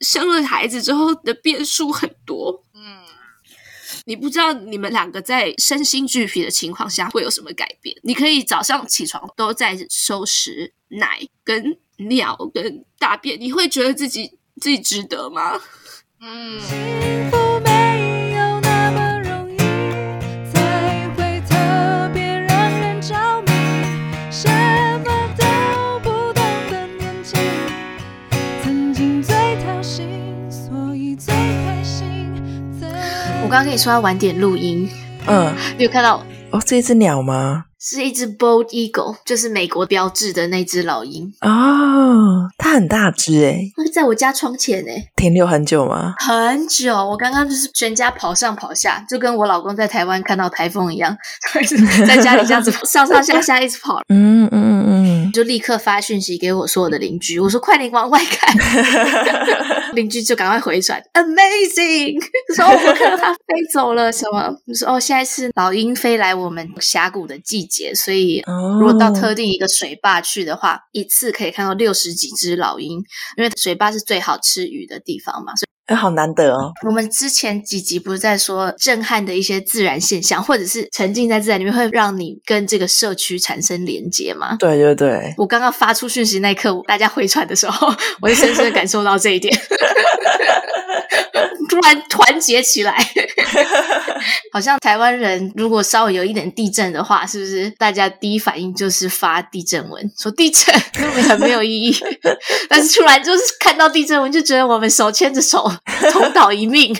生了孩子之後的變數很多，嗯，你不知道你們兩個在身心俱疲的情況下會有什麼改變。你可以早上起床都在收拾奶跟尿跟大便，你會覺得自己自己值得嗎？嗯。幸福我剛剛跟你說要晚點錄音，嗯，你有、嗯、看到哦，這一隻鳥嗎？是一隻 bald eagle，就是美國標誌的那隻老鷹哦，它很大隻誒、欸。它在我家窗前誒、欸。停留很久嗎？很久，我剛剛就是全家跑上跑下，就跟我老公在台灣看到颱風一樣， 在家裡這樣子上上下下一直跑，嗯 嗯。嗯就立刻發訊息給我所有的鄰居，我說快點往外看，鄰 居就趕快回傳 ，amazing，我說我看到他飛走了，什麼？ 我說哦，現在是老鷹飛來我們峽谷的季節，所以如果到特定一個水壩去的話，oh. 一次可以看到六十幾隻老鷹，因為水壩是最好吃魚的地方嘛，所以。哎、欸，好難得哦！我們之前幾集不是在說震撼的一些自然現象，或者是沉浸在自然裡面，會讓你跟這個社區產生連接嗎？對對對，我剛剛發出訊息那一刻，大家回傳的時候，我就深深的感受到這一點。 突然團結起來， 好像台灣人如果稍微有一點地震的話，是不是大家第一反應就是發地震文，說地震根本很沒有意義？但是出來就是看到地震文，就覺得我們手牽着手同島一命。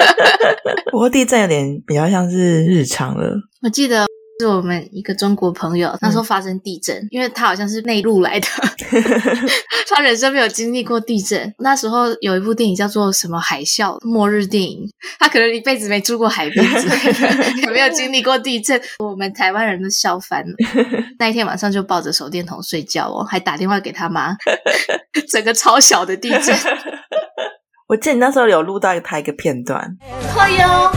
不過地震有點比較像是日常了，我記得。是我們一個中國朋友，那時候發生地震。因為他好像是內陸來的，他人生沒有經歷過地震。那時候有一部電影叫做什麼海嘯末日電影，他可能一輩子沒住過海邊，沒有經歷過地震。我們台灣人都笑翻了。那一天晚上就抱着手電筒睡覺哦，還打電話給他媽，整個超小的地震。我記得你那時候有錄到他一個片段，會哦。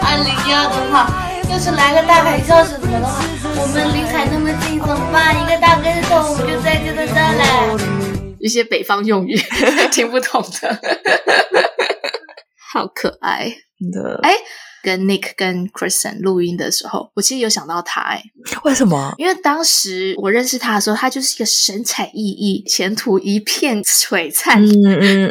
二零一二的話。要是來個大海嘯什麼的？我們離海那麼近，怎麼辦？一個大跟頭，我們就在這站嘞。一些北方用語聽不懂的， 好可愛，的 The。誒跟 Nick 跟 Kristen 錄音的時候，我其實有想到她誒、欸、為什麼？因為當時我認識她的時候，她就是一個神采奕奕、前途一片璀璨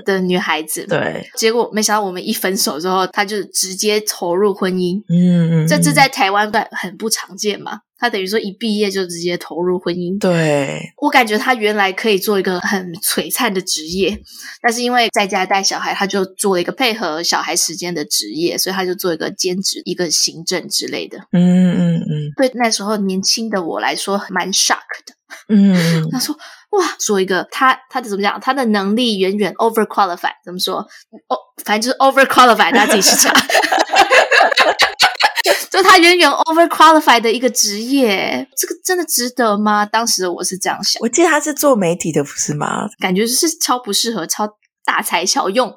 的女孩子。嗯、對，結果沒想到我們一分手之後，她就直接投入婚姻。嗯嗯，這這在台灣很不常見嘛？他等於說一畢業就直接投入婚姻。對，我感覺他原來可以做一個很璀璨的職業，但是因為在家帶小孩，他就做了一個配合小孩時間的職業，所以他就做一個兼職，一個行政之類的。嗯嗯嗯。嗯嗯對，那時候年輕的我來說蠻 shock 的嗯。嗯。他說：“哇，做一個他，他怎麼講？他的能力遠遠 over qualified，怎麼說？哦，反正就是 over qualified，大家自己去查。” 就他遠遠 over qualified 的一個職業，這個真的值得嗎？當時我是這樣想。我記得他是做媒體的，不是嗎？感覺就是超不適合，超大材小用。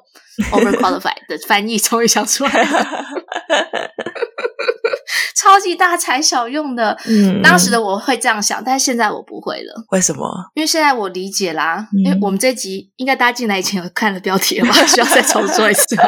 over qualified 的翻譯終於想出來了。 超級大材小用的，嗯，當時的我會這樣想，但是現在我不會了。為什麼？因為現在我理解啦。嗯。因為我們這集應該大家進來以前有看了標題吧？ 需要再重說一次嗎？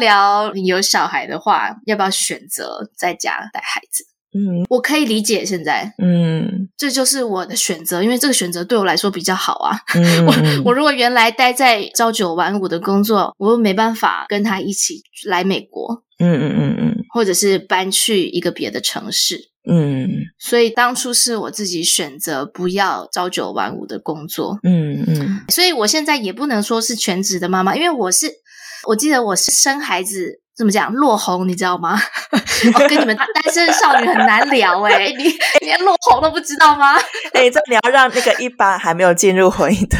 聊你有小孩的話，要不要選擇在家帶孩子？嗯，我可以理解現在，嗯，這就是我的選擇，因為這個選擇對我來說比較好啊。嗯、 我我如果原來待在朝九晚五的工作，我又沒辦法跟他一起來美國，嗯嗯嗯嗯，嗯，或者是搬去一個別的城市，嗯，所以當初是我自己選擇不要朝九晚五的工作，嗯嗯，嗯，所以我現在也不能說是全職的媽媽，因為我是，我記得我是生孩子怎麼講落紅，你知道嗎？ 我、 oh, 跟你們單身少女很難聊誒、欸， 你你連落紅都不知道嗎？誒、 欸，你這你要讓那個一般還沒有進入婚姻的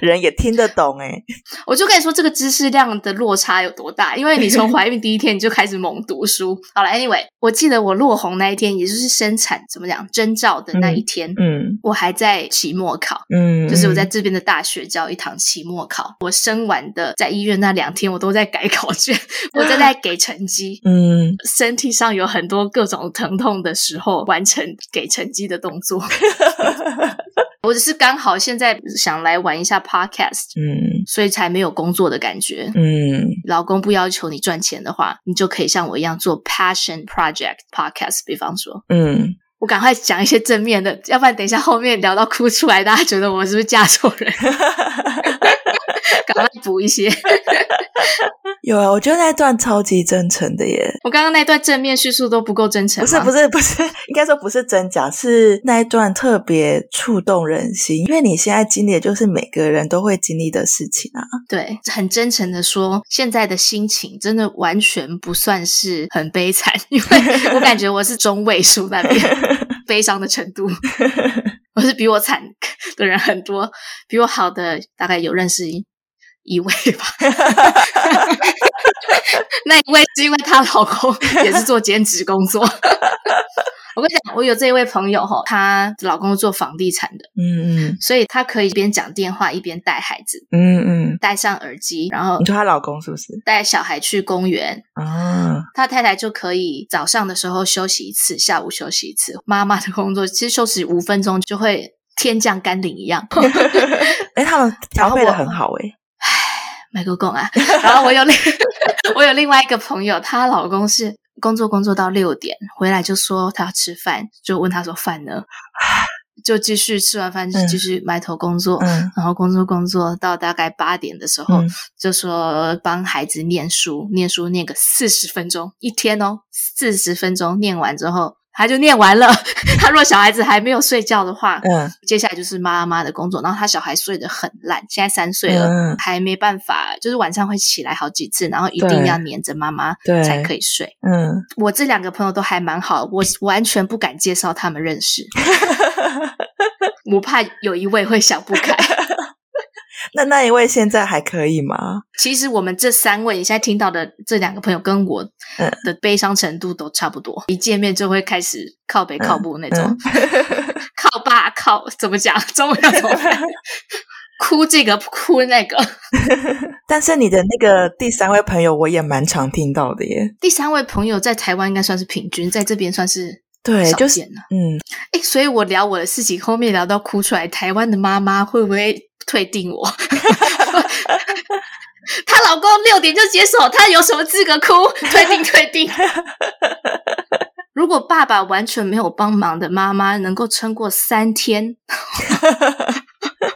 人也聽得懂誒、欸。 我就跟你說這個知識量的落差有多大，因為你從懷孕第一天你就開始猛讀書。 好了，Anyway，我記得我落紅那一天，也就是生產怎麼講徵兆的那一天，嗯，嗯我還在期末考，嗯，就是我在這邊的大學教一堂期末考。嗯、我生完的在醫院那兩天，我都在改考卷，我都在給成績， 嗯，身體。上有很多各種疼痛的時候，完成給成績的動作。 我只是剛好現在想來玩一下 podcast，嗯，所以才沒有工作的感覺。嗯，老公不要求你賺錢的話，你就可以像我一樣做 passion project podcast。比方說，嗯，我趕快講一些正面的，要不然等一下後面聊到哭出來，大家覺得我是不是嫁錯人？ 趕快補一些。 有啊，我覺得那段超級真誠的耶！我剛剛那段正面敘述都不夠真誠嗎？不是不是不是，應該說不是真假，是那一段特別觸動人心。因為你現在經歷的，就是每個人都會經歷的事情啊。對，很真誠的說，現在的心情真的完全不算是很悲慘，因為我感覺我是中位數那邊 悲傷的程度，我是比我慘的人很多，比我好的大概有認識。一位吧， 那一位是因為她老公也是做兼職工作。 我跟你講，我有這一位朋友哈、哦，她老公是做房地產的，嗯嗯，所以她可以一邊講電話一邊帶孩子，嗯嗯，戴上耳機，然後你說她老公是不是帶小孩去公園啊？她太太就可以早上的時候休息一次，下午休息一次。媽媽的工作其實休息五分鐘就會天降甘霖一樣。哎， 他們調配的很好誒、欸買個供啊，然後我有另 我有另外一個朋友，她老公是工作工作到六點回來就說他要吃飯，就問他說飯呢，就繼續吃完飯就繼續埋頭工作，嗯嗯、然後工作工作到大概八點的時候、嗯、就說幫孩子念書，念書念個四十分鐘一天哦，四十分鐘念完之後。他就念完了。他若小孩子還沒有睡覺的話，嗯，接下來就是媽媽的工作。然後他小孩睡得很爛，現在三歲了，嗯，還沒辦法，就是晚上會起來好幾次，然後一定要黏着媽媽對才可以睡。嗯，我這兩個朋友都還蠻好，我完全不敢介紹他們認識， 我怕有一位會想不開。那那一位現在還可以嗎？其實我們這三位，你現在聽到的這兩個朋友，跟我的悲傷程度都差不多，嗯、一見面就會開始靠北靠步那種，嗯嗯、靠爸靠，怎麼講，中不中？ 哭這個哭那個，但是你的那個第三位朋友，我也蠻常聽到的耶。第三位朋友在台灣應該算是平均，在這邊算是。對，就是嗯，哎、欸，所以我聊我的事情，後面聊到哭出來，台灣的媽媽會不會退定我？她 老公六點就接手，她有什麼資格哭？退定退定。 如果爸爸完全沒有幫忙的媽媽，能夠撐過三天？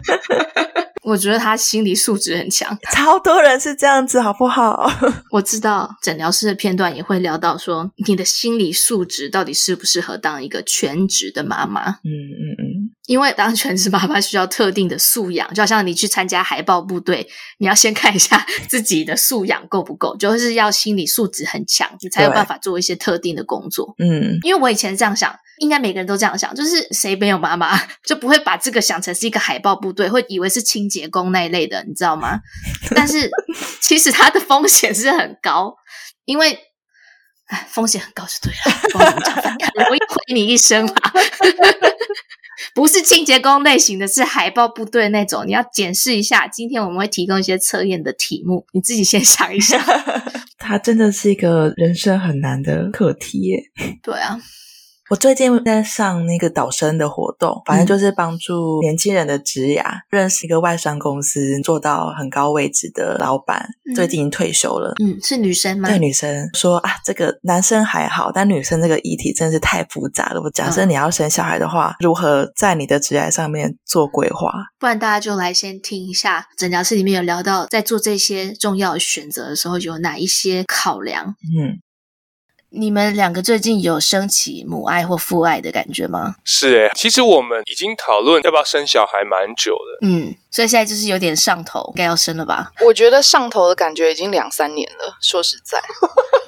我覺得他心理素質很強，超多人是這樣子，好不好？ 我知道枕療室的片段也會聊到說，說你的心理素質到底適不適合當一個全職的媽媽？嗯嗯嗯。嗯嗯因為當全職媽媽需要特定的素養，就好像你去參加海豹部隊，你要先看一下自己的素養夠不夠，就是要心理素質很強，你才有辦法做一些特定的工作。嗯對，因為我以前這樣想，應該每個人都這樣想，就是誰沒有媽媽就不會把這個想成是一個海豹部隊，會以為是清潔工那一類的，你知道嗎？但是其實它的風險是很高，因為唉，風險很高就對了， 我一回你一生嘛。不是清潔工類型的，是海豹部隊那種。你要檢視一下，今天我們會提供一些測驗的題目，你自己先想一下。它 真的是一個人生很難的課題耶。 對啊。我最近在上那個導生的活動，反正就是幫助年輕人的職涯。嗯、認識一個外商公司做到很高位置的老闆，嗯、最近退休了。嗯，是女生嗎？對，女生說啊，這個男生還好，但女生這個議題真是太複雜了。假設你要生小孩的話，嗯、如何在你的職業上面做規劃？不然大家就來先聽一下，枕療室裡面有聊到，在做這些重要的選擇的時候，有哪一些考量？嗯。你們兩個最近有升起母愛或父愛的感覺嗎？是誒，其實我們已經討論要不要生小孩蠻久了。嗯。所以現在就是有點上頭，該要生了吧？我覺得上頭的感覺已經兩三年了。說實在，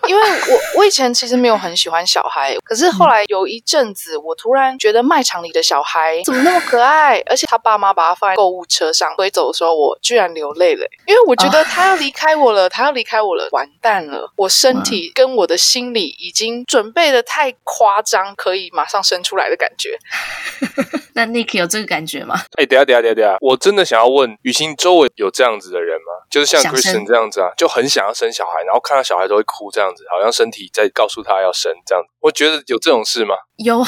因為我 我以前其實沒有很喜歡小孩，可是後來有一陣子，我突然覺得賣場裡的小孩、嗯、怎麼那麼可愛？而且他爸媽把他放在購物車上，推走的時候，我居然流淚了，因為我覺得他要離開我了，他要離開我了，完蛋了！我身體跟我的心理已經準備的太誇張，可以馬上生出來的感覺。 那 Nick 有這個感覺嗎？哎、欸，等下等下等下等下，我真的想。你要問雨芹，周圍有這樣子的人嗎？就是像 Kristen 這樣子啊，生就很想要生小孩，然後看到小孩都會哭這樣子，好像身體在告訴他要生這樣子。我覺得有這種事嗎？有啊，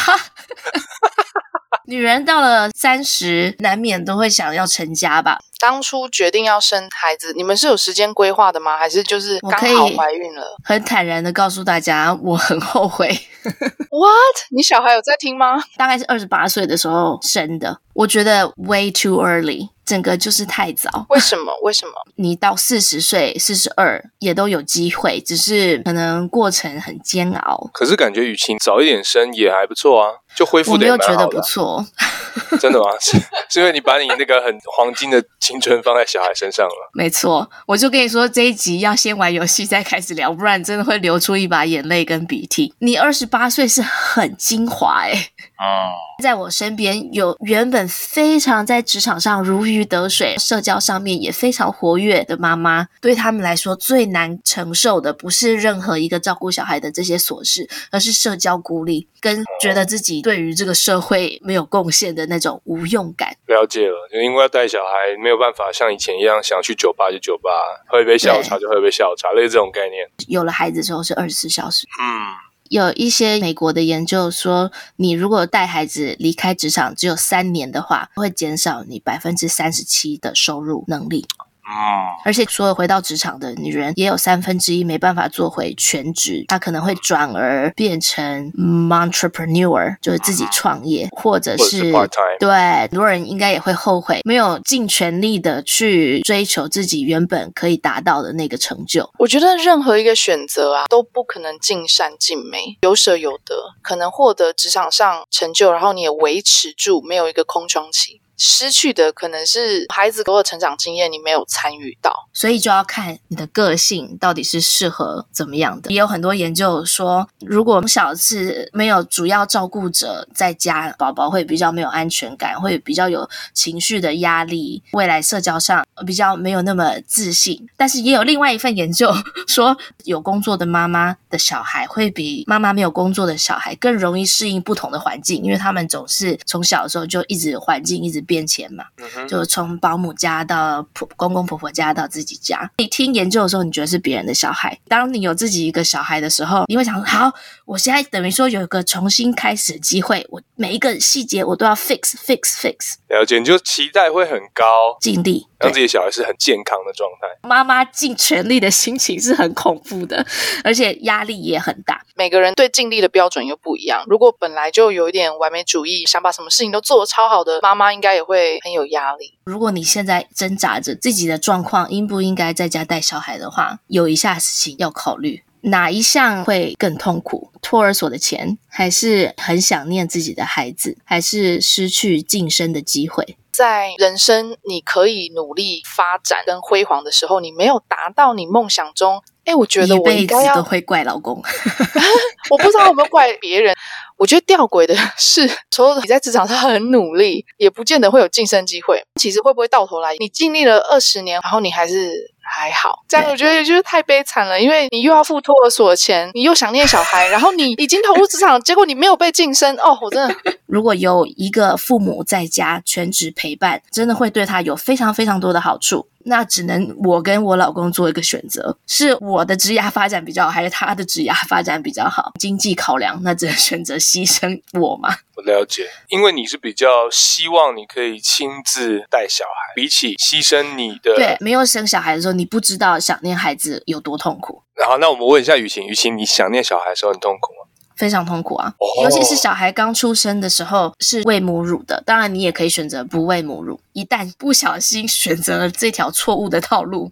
女人到了三十，難免都會想要成家吧。當初決定要生孩子，你們是有時間規劃的嗎？還是就是剛好懷孕了？我可以很坦然的告訴大家，我很後悔。 What？你小孩有在聽嗎？大概是二十八歲的時候生的。我覺得 way too early。整個就是太早。為什麼？為什麼？你到四十歲、四十二也都有機會，只是可能過程很煎熬。可是感覺雨芹早一點生也還不錯啊。就恢復的又覺得不錯。 真的嗎？是是因為你把你那個很黃金的青春放在小孩身上了。沒錯，我就跟你說，這一集要先玩遊戲再開始聊，不然真的會流出一把眼淚跟鼻涕。你二十八歲是很精華哎、欸。哦、嗯。在我身邊有原本非常在職場上如魚得水、社交上面也非常活躍的媽媽，對他們來說最難承受的不是任何一個照顧小孩的這些瑣事，而是社交孤立跟覺得自己、嗯。對於這個社會沒有貢獻的那種無用感，了解了。因為要帶小孩，沒有辦法像以前一樣，想去酒吧就酒吧喝一杯下午茶就喝一杯下午茶，對類似這種概念。有了孩子之後是二十四小時。嗯，有一些美國的研究說，你如果帶孩子離開職場只有三年的話，會減少你百分之三十七的收入能力。啊，而且所有回到職場的女人也有三分之一沒辦法做回全職，她可能會轉而變成 entrepreneur，就是自己創業，或者是，對，很多人應該也會後悔沒有盡全力的去追求自己原本可以達到的那個成就。我覺得任何一個選擇啊，都不可能盡善盡美，有捨有得，可能獲得職場上成就，然後你也維持住，沒有一個空窗期。失去的可能是孩子所有的成長經驗，你沒有參與到，所以就要看你的個性到底是適合怎麼樣的。也有很多研究說，如果從小是沒有主要照顧者在家，寶寶會比較沒有安全感，會比較有情緒的壓力，未來社交上比較沒有那麼自信。但是也有另外一份研究說，有工作的媽媽的小孩會比媽媽沒有工作的小孩更容易適應不同的環境，因為他們總是從小的時候就一直環境一直。變遷嘛，嗯、哼就從保姆家到婆公公婆婆家到自己家。你聽研究的時候，你覺得是別人的小孩；當你有自己一個小孩的時候，你會想：好，我現在等於說有一個重新開始的機會，我每一個細節我都要 fix fix fix。了解，你就期待會很高，盡力讓自己小孩是很健康的狀態。媽媽盡全力的心情是很恐怖的，而且壓力也很大。每個人對盡力的標準又不一樣。如果本來就有一點完美主義，想把什麼事情都做得超好的媽媽，應該也會很有壓力。如果你現在掙扎着自己的狀況，應不應該在家帶小孩的話，有以下事情要考慮：哪一項會更痛苦？托兒所的錢，還是很想念自己的孩子，還是失去晉升的機會？在人生你可以努力發展跟輝煌的時候，你沒有達到你夢想中。哎，我覺得我應該一輩子都會怪老公， 我不知道有沒有怪別人。我覺得吊詭的是，所有你在職場上很努力，也不見得會有晉升機會。其實會不會到頭來，你經歷了二十年，然後你還是還好？這樣我覺得也就是太悲慘了，因為你又要付托兒所錢，你又想念小孩， 然後你已經投入職場，結果你沒有被晉升。哦，我真的，如果有一個父母在家全職陪伴，真的會對他有非常非常多的好處。那只能我跟我老公做一個選擇，是我的職業發展比較好，還是他的職業發展比較好？經濟考量，那只能選擇犧牲我嗎？我了解，因為你是比較希望你可以親自帶小孩，比起犧牲你的。對，沒有生小孩的時候，你不知道想念孩子有多痛苦。然後，那我們問一下雨芹。雨芹，你想念小孩的時候很痛苦嗎？非常痛苦啊！尤其是小孩剛出生的時候是餵母乳的，當然你也可以選擇不餵母乳。一旦不小心選擇了這條錯誤的道路，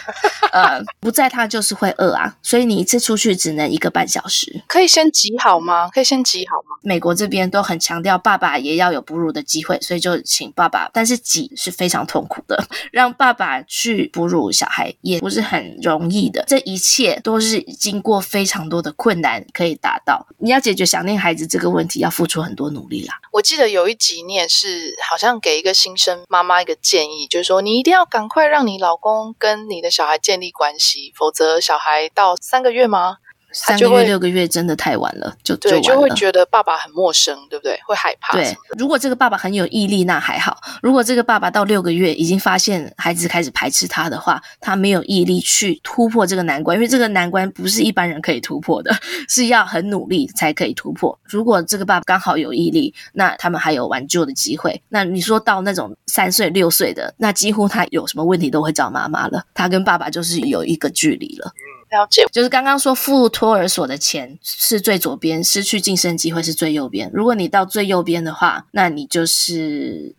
呃，不在他就是會餓啊。所以你一次出去只能一個半小時，可以先擠好嗎？可以先擠好嗎？美國這邊都很強調爸爸也要有哺乳的機會，所以就請爸爸。但是擠是非常痛苦的，讓爸爸去哺乳小孩也不是很容易的。這一切都是經過非常多的困難可以達到。你要解決想念孩子這個問題，要付出很多努力啦。我記得有一集，你也是好像給一個新生媽媽一個建議，就是說你一定要趕快讓你老公跟你的小孩建立關係，否則小孩到三個月嗎？三個月、啊、六個月真的太晚了，就對就完了。就會覺得爸爸很陌生，對不對？會害怕。對，麼如果這個爸爸很有毅力，那還好；如果這個爸爸到六個月已經發現孩子開始排斥他的話，他沒有毅力去突破這個難關，因為這個難關不是一般人可以突破的，是要很努力才可以突破。如果這個爸爸剛好有毅力，那他們還有挽救的機會。那你說到那種三歲、六歲的，那幾乎他有什麼問題都會找媽媽了，他跟爸爸就是有一個距離了。嗯了解，就是剛剛說付托兒所的錢是最左邊，失去晉升機會是最右邊。如果你到最右邊的話，那你就是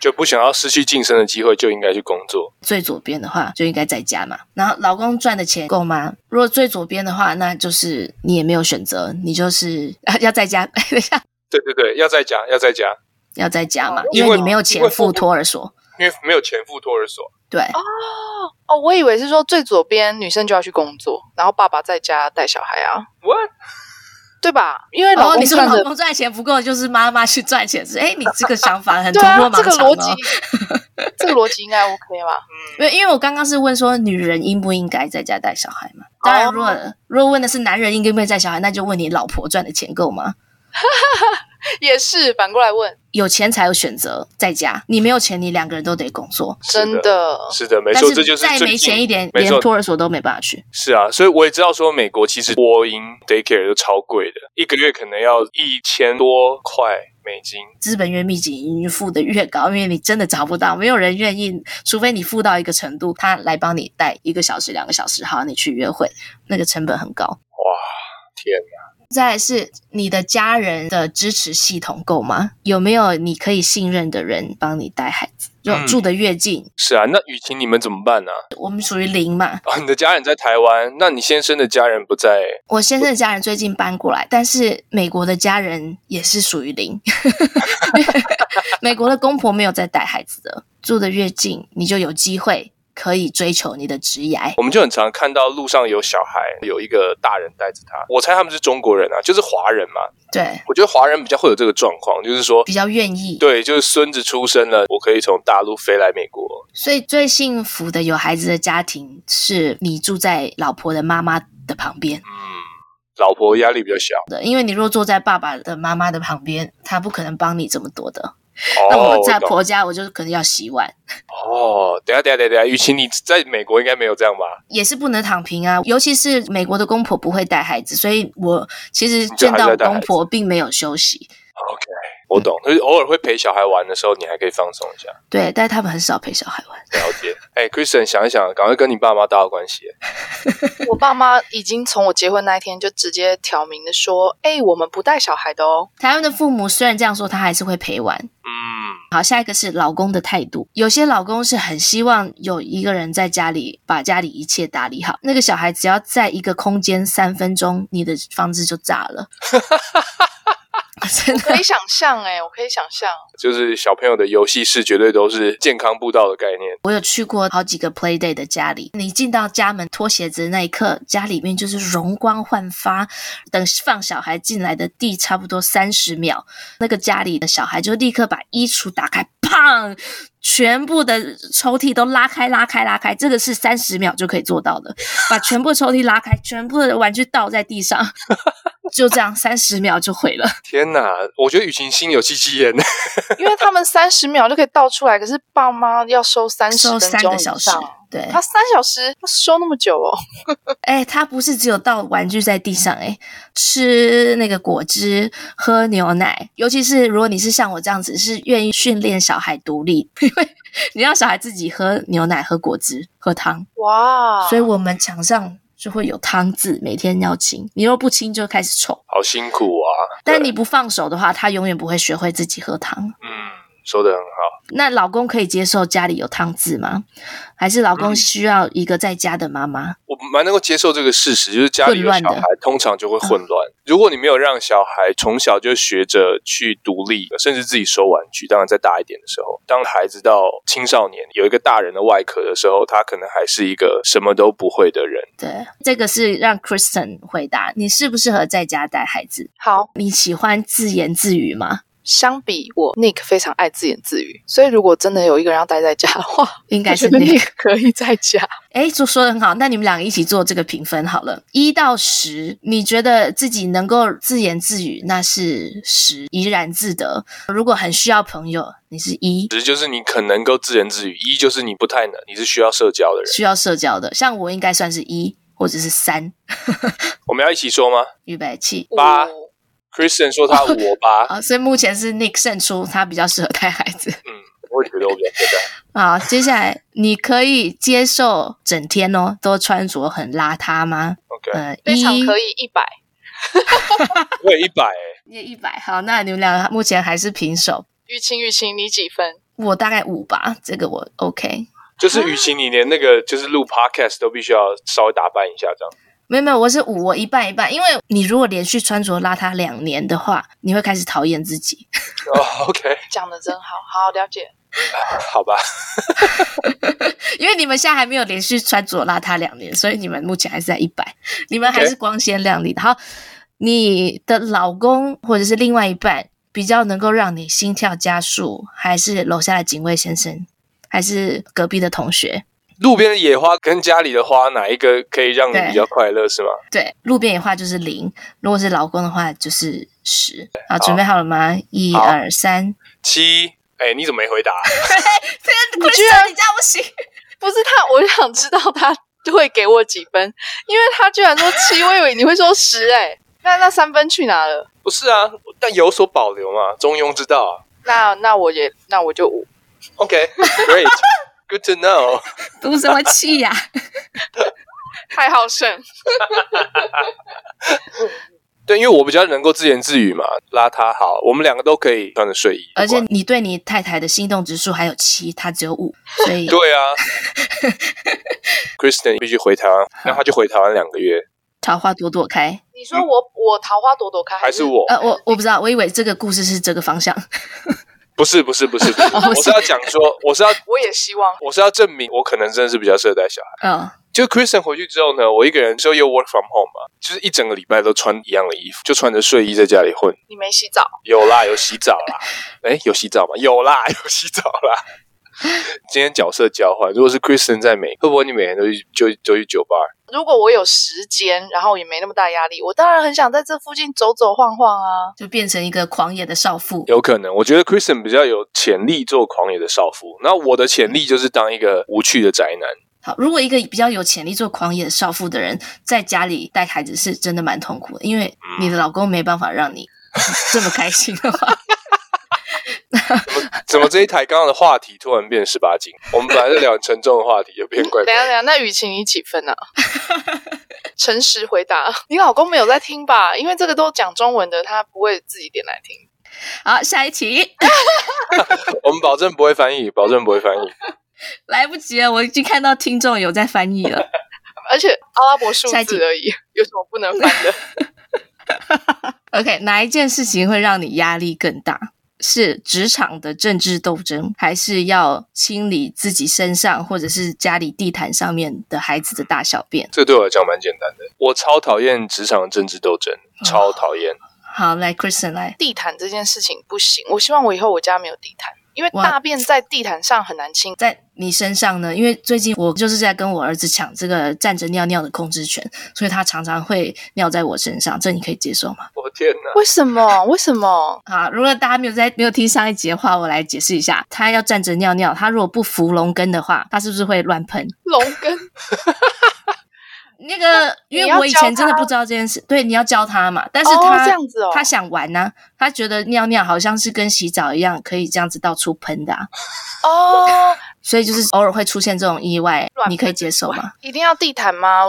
就不想要失去晉升的機會，就應該去工作。 最左邊的話，就應該在家嘛。然後老公賺的錢夠嗎？如果最左邊的話，那就是你也沒有選擇，你就是、啊、要在家。 對對對，要在家，要在家，要在家嘛，因為，因為你沒有錢付托兒所，因為因為付不，因為沒有錢付托兒所， 對哦。哦，我以為是說最左邊女生就要去工作，然後爸爸在家帶小孩啊？What？對吧？因為老是、哦、你說老公賺錢不夠，就是媽媽去賺錢是？哎， 你這個想法很突破、哦，這個邏輯， 這個邏輯應該 OK 吧？嗯，因為我剛剛是問說女人應不應該在家帶小孩嘛？當然，如果如果問的是男人應不應該帶小孩，那就問你老婆賺的錢夠嗎？哈哈哈。 也是反過來問，有錢才有選擇。在家，你沒有錢，你兩個人都得工作。真的，是的，沒錯。就是再沒錢一點，沒錯，連托兒所都沒辦法去。是啊，所以我也知道說，美國其實播音 daycare 都超貴的，一個月可能要一千多塊美金。資本越密集，付得越高，因為你真的找不到，沒有人願意，除非你付到一個程度，他來幫你帶一個小時、兩個小時，好，你去約會，那個成本很高。哇，天哪！再來是你的家人的支持系統夠嗎？有沒有你可以信任的人幫你帶孩子？住住的越近。嗯，是啊。那雨芹你們怎麼辦呢？啊，我們屬於零嘛？啊、哦，你的家人在台灣，那你先生的家人不在。欸，我先生的家人最近搬過來，不但是美國的家人也是屬於零。 美國的公婆沒有在帶孩子的，住的越近，你就有機會。可以追求你的職涯。我們就很常看到路上有小孩，有一個大人帶着他。我猜他們是中國人啊，就是華人嘛。對，我覺得華人比較會有這個狀況，就是說比較願意。對，就是孫子出生了，我可以從大陸飛來美國。所以最幸福的有孩子的家庭是你住在老婆的媽媽的旁邊。嗯，老婆壓力比較小的，因為你若坐在爸爸的媽媽的旁邊，他不可能幫你這麼多的。Oh, 那我在婆家，我就可能要洗碗。哦，oh, 等一下，等一下，等下，雨芹，你在美國應該沒有這樣吧？也是不能躺平啊，尤其是美國的公婆不會帶孩子，所以我其實見到公婆並沒有休息。OK。我懂，可是偶爾會陪小孩玩的時候，你還可以放鬆一下。對，但他們很少陪小孩玩。了解。哎、欸、，Kristen，想一想，趕快跟你爸媽打好關係。 我爸媽已經從我結婚那一天就直接挑明的說：“哎、欸，我們不帶小孩的哦。”台灣的父母雖然這樣說，他還是會陪玩。嗯。好，下一個是老公的態度。有些老公是很希望有一個人在家裡把家裡一切打理好，那個小孩只要在一個空間三分鐘，你的房子就炸了。哈。 啊、真的可以想象哎、欸，我可以想象，就是小朋友的遊戲室絕對都是健康步道的概念。我有去過好幾個 play day 的家裡，你進到家門脫鞋子的那一刻，家裡面就是容光煥發。等放小孩進來的地差不多三十秒，那個家裡的小孩就立刻把衣櫥打開，砰！全部的抽屜都拉開，拉開，拉開，這個是三十秒就可以做到的。把全部的抽屜拉開， 全部的玩具倒在地上，就這樣三十秒就毀了。天哪，我覺得雨芹心有戚戚焉。 因為他們三十秒就可以倒出來，可是爸媽要收三十收三個小時。對，他三小時，他收那麼久哦。 哎，他不是只有倒玩具在地上，哎，吃那個果汁、喝牛奶。尤其是如果你是像我這樣子，是願意訓練小孩獨立，因為你讓小孩自己喝牛奶，喝果汁，喝湯。哇！所以我們牆上就會有湯漬，每天要清。你若不清，就開始臭。好辛苦啊！但你不放手的話，對他永遠不會學會自己喝湯。嗯。收的很好。那老公可以接受家裡有湯漬嗎？還是老公需要一個在家的媽媽？嗯、我蠻能夠接受這個事實，就是家裡有小孩，通常就會混亂。嗯、如果你沒有讓小孩從小就學着去獨立，甚至自己收玩具，當然再大一點的時候，當孩子到青少年有一個大人的外殼的時候，他可能還是一個什麼都不會的人。對，這個是讓 Kristen 回答，你適不適合在家帶孩子？好，你喜歡自言自語嗎？相比我，Nick 非常愛自言自語，所以如果真的有一個人要待在家的話，應該是 Nick 可以在家。哎、欸，說，說得很好，那你們兩個一起做這個評分好了，一到十，你覺得自己能夠自言自語，那是十怡然自得；如果很需要朋友，你是一。十就是你可能夠自言自語，一就是你不太能，你是需要社交的人。需要社交的，像我應該算是一或者是三。 我們要一起說嗎？預備起八。Kristen 說他我吧，啊、 哦，所以目前是 Nick 勝出，他比較適合帶孩子。 嗯，我也覺得我比較適合。 好，接下來你可以接受整天哦都穿着很邋遢嗎？OK，嗯、呃，非常可以，一百。我也一百，也一百。好，那你們倆目前還是平手。雨芹，雨芹，你幾分？我大概五吧，這個我 OK。就是雨芹，啊、你連那個就是錄 Podcast 都必須要稍微打扮一下，這樣。沒有沒有，我是五，我一半一半。因為你如果連續穿着邋遢兩年的話，你會開始討厭自己。哦、 oh,，OK，講的真好，好，好了解。好吧，因為你們現在還沒有連續穿着邋遢兩年，所以你們目前還是在一百，你們還是光鮮亮麗的。Okay. 好，你的老公或者是另外一半比較能夠讓你心跳加速，還是樓下的警衛先生，還是隔壁的同學？路邊的野花跟家裡的花，哪一個可以讓你比較快樂，對是嗎？對，路邊野花就是零，如果是老公的話就是十。好，準備好了嗎？好一二三七。哎、欸，你怎麼沒回答、啊？這個 你這樣你這樣不行。不是他，我想知道他會給我幾分，因為他居然說七， 我以為你會說十、欸。哎，那那三分去哪了？不是啊，但有所保留嘛，中庸之道啊。那那我也那我就五。OK，Great Okay。 Good to know，賭 什麼氣呀、啊？太 好勝剩。 對，因為我比較能夠自言自語嘛，拉他好，我們兩個都可以穿着睡衣。而且你對你太太的心動指數還有七，他只有五，所以 對啊。K risten 必須回台灣，那他好就回台灣兩個月。桃花朵朵開，你說我、嗯、我桃花朵朵開還，還是我？呃，我我不知道，我以為這個故事是這個方向。 不是不是不是，不是， 我是要講說，我是要，我也希望，我是要證明，我可能真的是比較適合帶小孩。嗯，uh. 就 Kristen 回去之後呢，我一個人就又 work from home 嘛，就是一整個禮拜都穿一樣的衣服，就穿着睡衣在家裡混。你沒洗澡？有啦，有洗澡啦。 誒，有洗澡嗎？有啦，有洗澡啦。 今天角色交換，如果是 Kristen 在美，會不會你每天都去就就去酒吧？如果我有時間，然後也沒那麼大壓力，我當然很想在這附近走走晃晃啊，就變成一個狂野的少婦。有可能，我覺得 Kristen 比較有潛力做狂野的少婦，那我的潛力就是當一個無趣的宅男。嗯、好，如果一個比較有潛力做狂野的少婦的人在家裡帶孩子，是真的蠻痛苦的，因為你的老公沒辦法讓你這麼開心的話。 怎麼？怎麼這一台剛剛的話題突然變十八禁？ 我們本來在聊沉重的話題，有變怪，怪？等下，等一下，那雨芹你幾分呢、啊？ 誠實回答，你老公沒有在聽吧？因為這個都講中文的，他不會自己點來聽。好，下一題 我們保證不會翻譯，保證不會翻譯。 來不及了，我已經看到聽眾有在翻譯了， 而且阿拉伯數字而已，有什麼不能翻的 ？OK，翻哪一件事情會讓你壓力更大？是職場的政治鬥爭，還是要清理自己身上或者是家裡地毯上面的孩子的大小便？這對我來講蠻簡單的。我超討厭職場的政治鬥爭，Oh. 超討厭。好，來，Kristen 來，Chris，來。地毯這件事情不行。我希望我以後我家沒有地毯。因為大便在地毯上很難清，在你身上呢？因為最近我就是在跟我兒子搶這個站着尿尿的控制權，所以他常常會尿在我身上，這你可以接受嗎？我的天哪！為什麼？為什麼？好，如果大家沒有在沒有聽上一集的話，我來解釋一下，他要站着尿尿，他如果不扶龍根的話，他是不是會亂噴龍根？ 那個，因為我以前真的不知道這件事，對，你要教他嘛，但是他他想玩吶、啊，他覺得尿尿好像是跟洗澡一樣，可以這樣子到處噴的，啊。哦，所以就是偶爾會出現這種意外，你可以接受嗎？一定要地毯嗎？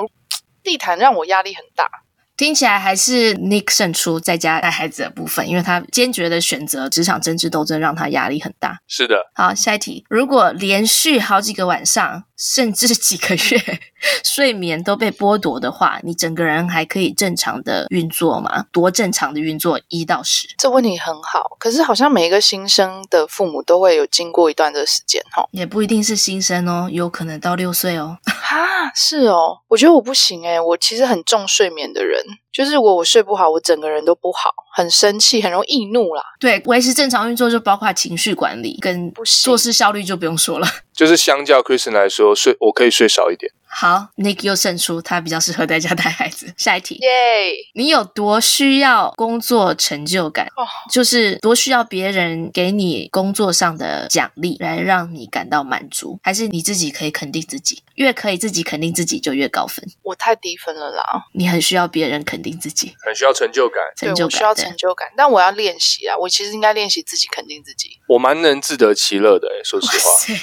地毯讓我壓力很大。聽起來還是 Nick 勝出在家帶孩子的部分，因為他堅決的選擇職場政治鬥爭，讓他壓力很大。是的，好，下一題，如果連續好幾個晚上甚至幾個月睡眠都被剝奪的話，你整個人還可以正常的運作嗎？多正常的運作一到十？這問題很好，可是好像每一個新生的父母都會有經過一段的時間，哦，也不一定是新生哦，有可能到六歲哦。哈， 是哦，我覺得我不行誒，我其實很重睡眠的人。就是我，我睡不好，我整個人都不好，很生氣，很容易易怒啦。對，維持正常運作就包括情緒管理跟做事效率，就不用說了。就是相較 Kristen 來說，睡我可以睡少一點。好，Nick 又勝出，他比較適合在家帶孩子。下一題，耶！Yeah. 你有多需要工作成就感？Oh. 就是多需要別人給你工作上的獎勵，來讓你感到滿足，還是你自己可以肯定自己？越可以自己肯定自己，就越高分。我太低分了啦！你很需要別人肯定自己，很需要成就感，成就感，對，我需要成就感，對但我要練習啊！我其實應該練習自己肯定自己。我蠻能自得其樂的欸，哎，說實話。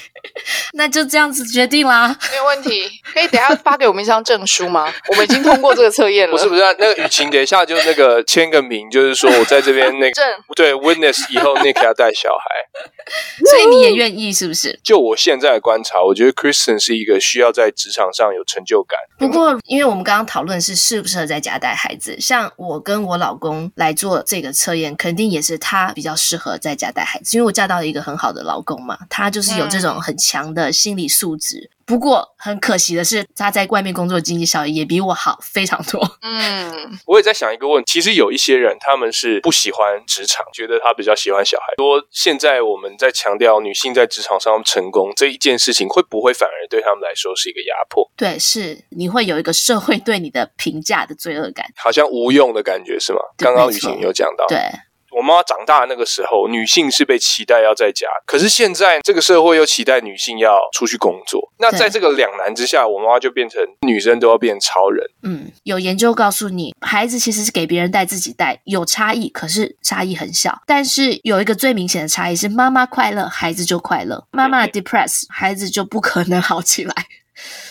那就這樣子決定啦，沒有問題，可以等一下發給我們一張證書嗎？ 我們已經通過這個測驗了，不是不是、啊？那個雨芹，等一下就那個簽個名，就是說我在這邊那個、 對 witness 以後那 Nick 要帶小孩，所以你也願意是不是？就我現在的觀察，我覺得 Kristen 是一個需要在職場上有成就感。不過，因為我們剛剛討論是適不適合在家帶孩子，像我跟我老公來做這個測驗，肯定也是他比較適合在家帶孩子，因為我嫁到了一個很好的老公嘛，他就是有這種很。強的心理素質，不過很可惜的是，他在外面工作經濟效益也比我好非常多。嗯，我也在想一個問題，其實有一些人他們是不喜歡職場，覺得他比較喜歡小孩。說現在我們在強調女性在職場上成功這一件事情，會不會反而對他們來說是一個壓迫？對，是你會有一個社會對你的評價的罪惡感，好像無用的感覺是嗎？對剛剛雨芹有講到對。對我媽長大的那個時候，女性是被期待要在家，可是現在這個社會又期待女性要出去工作。那在這個兩難之下，對我媽就變成女生都要變成超人。嗯，有研究告訴你，孩子其實是給別人帶，自己帶有差異，可是差異很小。但是有一個最明顯的差異是，媽媽快樂，孩子就快樂；媽媽 depress，、嗯、孩子就不可能好起來。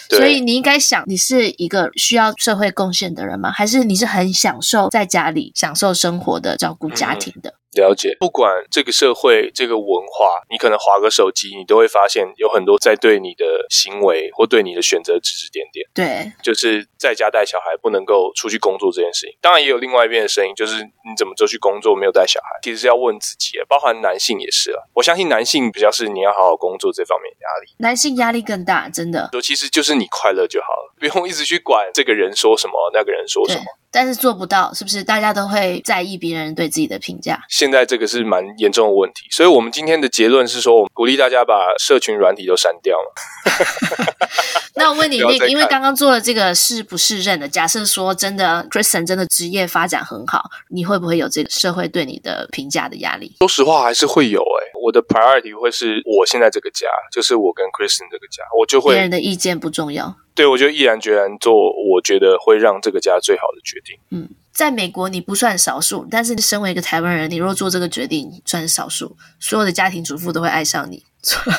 對所以你應該想，你是一個需要社會貢獻的人嗎？還是你是很享受在家裡享受生活的，照顧家庭的？嗯了解，不管這個社會、這個文化，你可能劃個手機，你都會發現有很多在對你的行為或對你的選擇指指點點。對，就是在家帶小孩不能夠出去工作這件事情。當然也有另外一邊的聲音，就是你怎麼做去工作沒有帶小孩？其實是要問自己，包含男性也是啊。我相信男性比較是你要好好工作這方面的壓力，男性壓力更大，真的。我其實就是你快樂就好了，不用一直去管這個人說什麼，那個人說什麼。但是做不到，是不是？大家都會在意別人對自己的評價。現在這個是蠻嚴重的問題，所以，我們今天的結論是說，我們鼓勵大家把社群軟體都刪掉了。 那我問你，那個因為剛剛做了這個適不適任的？假設說真的，Kristen 真的職業發展很好，你會不會有這個社會對你的評價的壓力？說實話，還是會有、欸。哎，我的 priority 會是我現在這個家，就是我跟 Kristen 這個家，我就會。別人的意見不重要。對，我就毅然決然做，我覺得會讓這個家最好的決定。嗯，在美國你不算少數，但是身為一個台灣人，你若做這個決定，你算少數。所有的家庭主婦都會愛上你，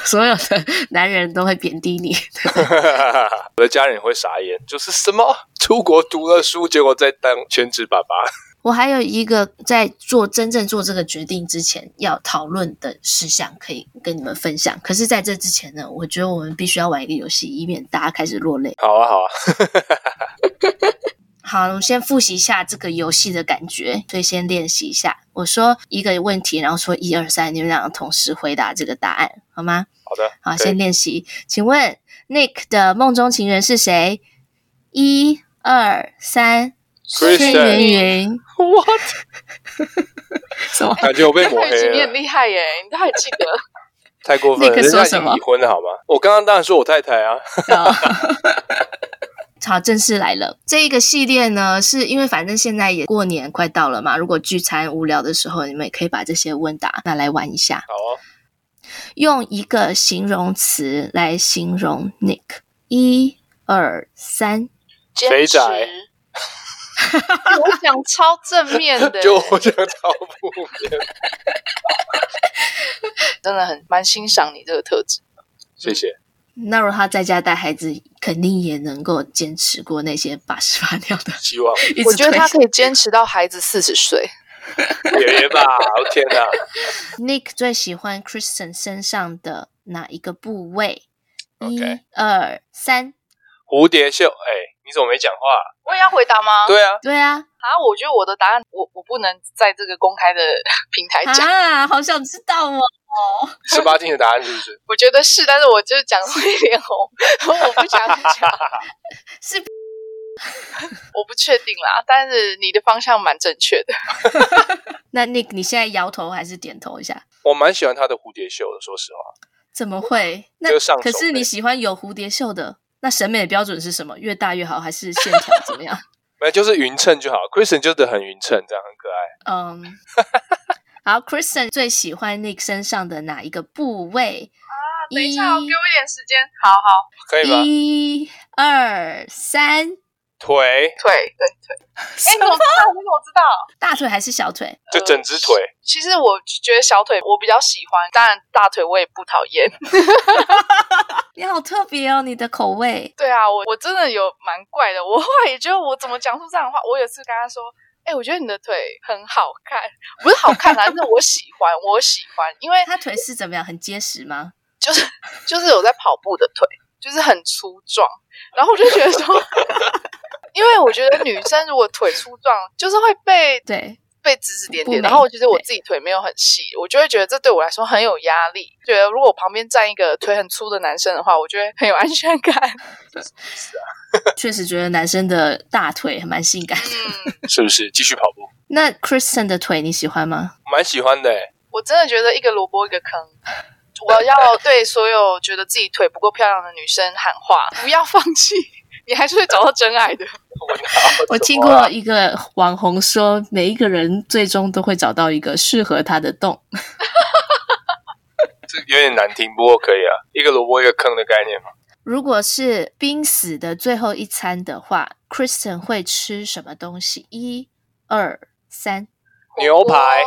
所有的男人都會貶低你。 我的家人會傻眼，就是什麼？出國讀了書，結果在當全職爸爸。我還有一個在做真正做這個決定之前要討論的事項可以跟你們分享，可是在這之前呢，我覺得我們必須要玩一個遊戲，以免大家開始落淚。好啊，好啊， 好，我們先複習一下這個遊戲的感覺，所以先練習一下。我說一個問題，然後說一二三，你們兩個同時回答這個答案，好嗎？好的，好，可以。先練習。請問 Nick 的夢中情人是誰？一二三，是雲雲。我 What？感覺我被抹黑了。你很厲害耶、欸，你都還記得。 太過分了，Nick 人家已經離婚了 好嗎？我剛剛當然說我太太啊。 No. 好，正式來了。這一個系列呢，是因為反正現在也過年快到了嘛，如果聚餐無聊的時候，你們也可以把這些問答拿來玩一下。好、哦。用一個形容詞來形容 Nick，一二三，肥仔 ensen。誰 我講超正面的，就我講超負面， 真的很蠻欣賞你這個特質，嗯、謝謝。那如果他在家帶孩子，肯定也能夠堅持過那些把屎把尿的。希望 我覺得他可以堅持到孩子四十歲，遠 吧？我天哪、啊、！Nick 最喜歡 Kristen 身上的哪一個部位？一二三，蝴蝶袖。哎、欸，你怎麼沒講話？我也要回答嗎？對啊，對啊，啊！我覺得我的答案，我我不能在這個公開的平台講啊，好想知道哦，十八禁的答案是不是？ 我覺得是，但是我就是講了會臉紅， 我不想去講， 是 我不確定啦，但是你的方向蠻正確的。 那 Nick，你現在搖頭還是點頭一下？我蠻喜歡他的蝴蝶袖的，說實話。怎麼會？那就上，可是你喜歡有蝴蝶袖的。那審美的標準是什麼？越大越好，還是線條怎麼樣？沒， 就是勻稱就好。Kristen 覺得很勻稱，這樣很可愛。嗯、um, 好，Kristen 最喜歡那個身上的哪一個部位？啊，等一下，一給我一點時間。好好，可以嗎？一二三。腿，腿對腿，哎、欸，你怎麼知道？麼你怎麼知道？大腿還是小腿？就整隻腿。其實我覺得小腿我比較喜歡，當然大腿我也不討厭。 你好特別哦，你的口味。對啊，我我真的有蠻怪的。我後來也覺得我怎麼講出這樣的話。我有次跟他說，哎、欸，我覺得你的腿很好看，不是好看啦， 但是我喜歡，我喜歡。因為他腿是怎麼樣？很結實嗎？就是就是有在跑步的腿。就是很粗壯，然後我就覺得說， 因為我覺得女生如果腿粗壯，就是會被對被指指點點。然後我覺得我自己腿沒有很細，對我就會覺得這對我來說很有壓力。覺得如果我旁邊站一個腿很粗的男生的話，我覺得很有安全感。是啊、 確實覺得男生的大腿蠻性感的，嗯，是不是？繼續跑步。那 Kristen 的腿你喜歡嗎？蠻喜歡的，我真的覺得一個蘿蔔一個坑。我要對所有覺得自己腿不夠漂亮的女生喊話：不要放棄，你還是會找到真愛的。我，啊、我聽過一個網紅說，每一個人最終都會找到一個適合他的洞。 這有點難聽，不過可以啊，一個蘿蔔一個坑的概念嘛。如果是瀕死的最後一餐的話，Kristen 會吃什麼東西？一、二、三，牛排。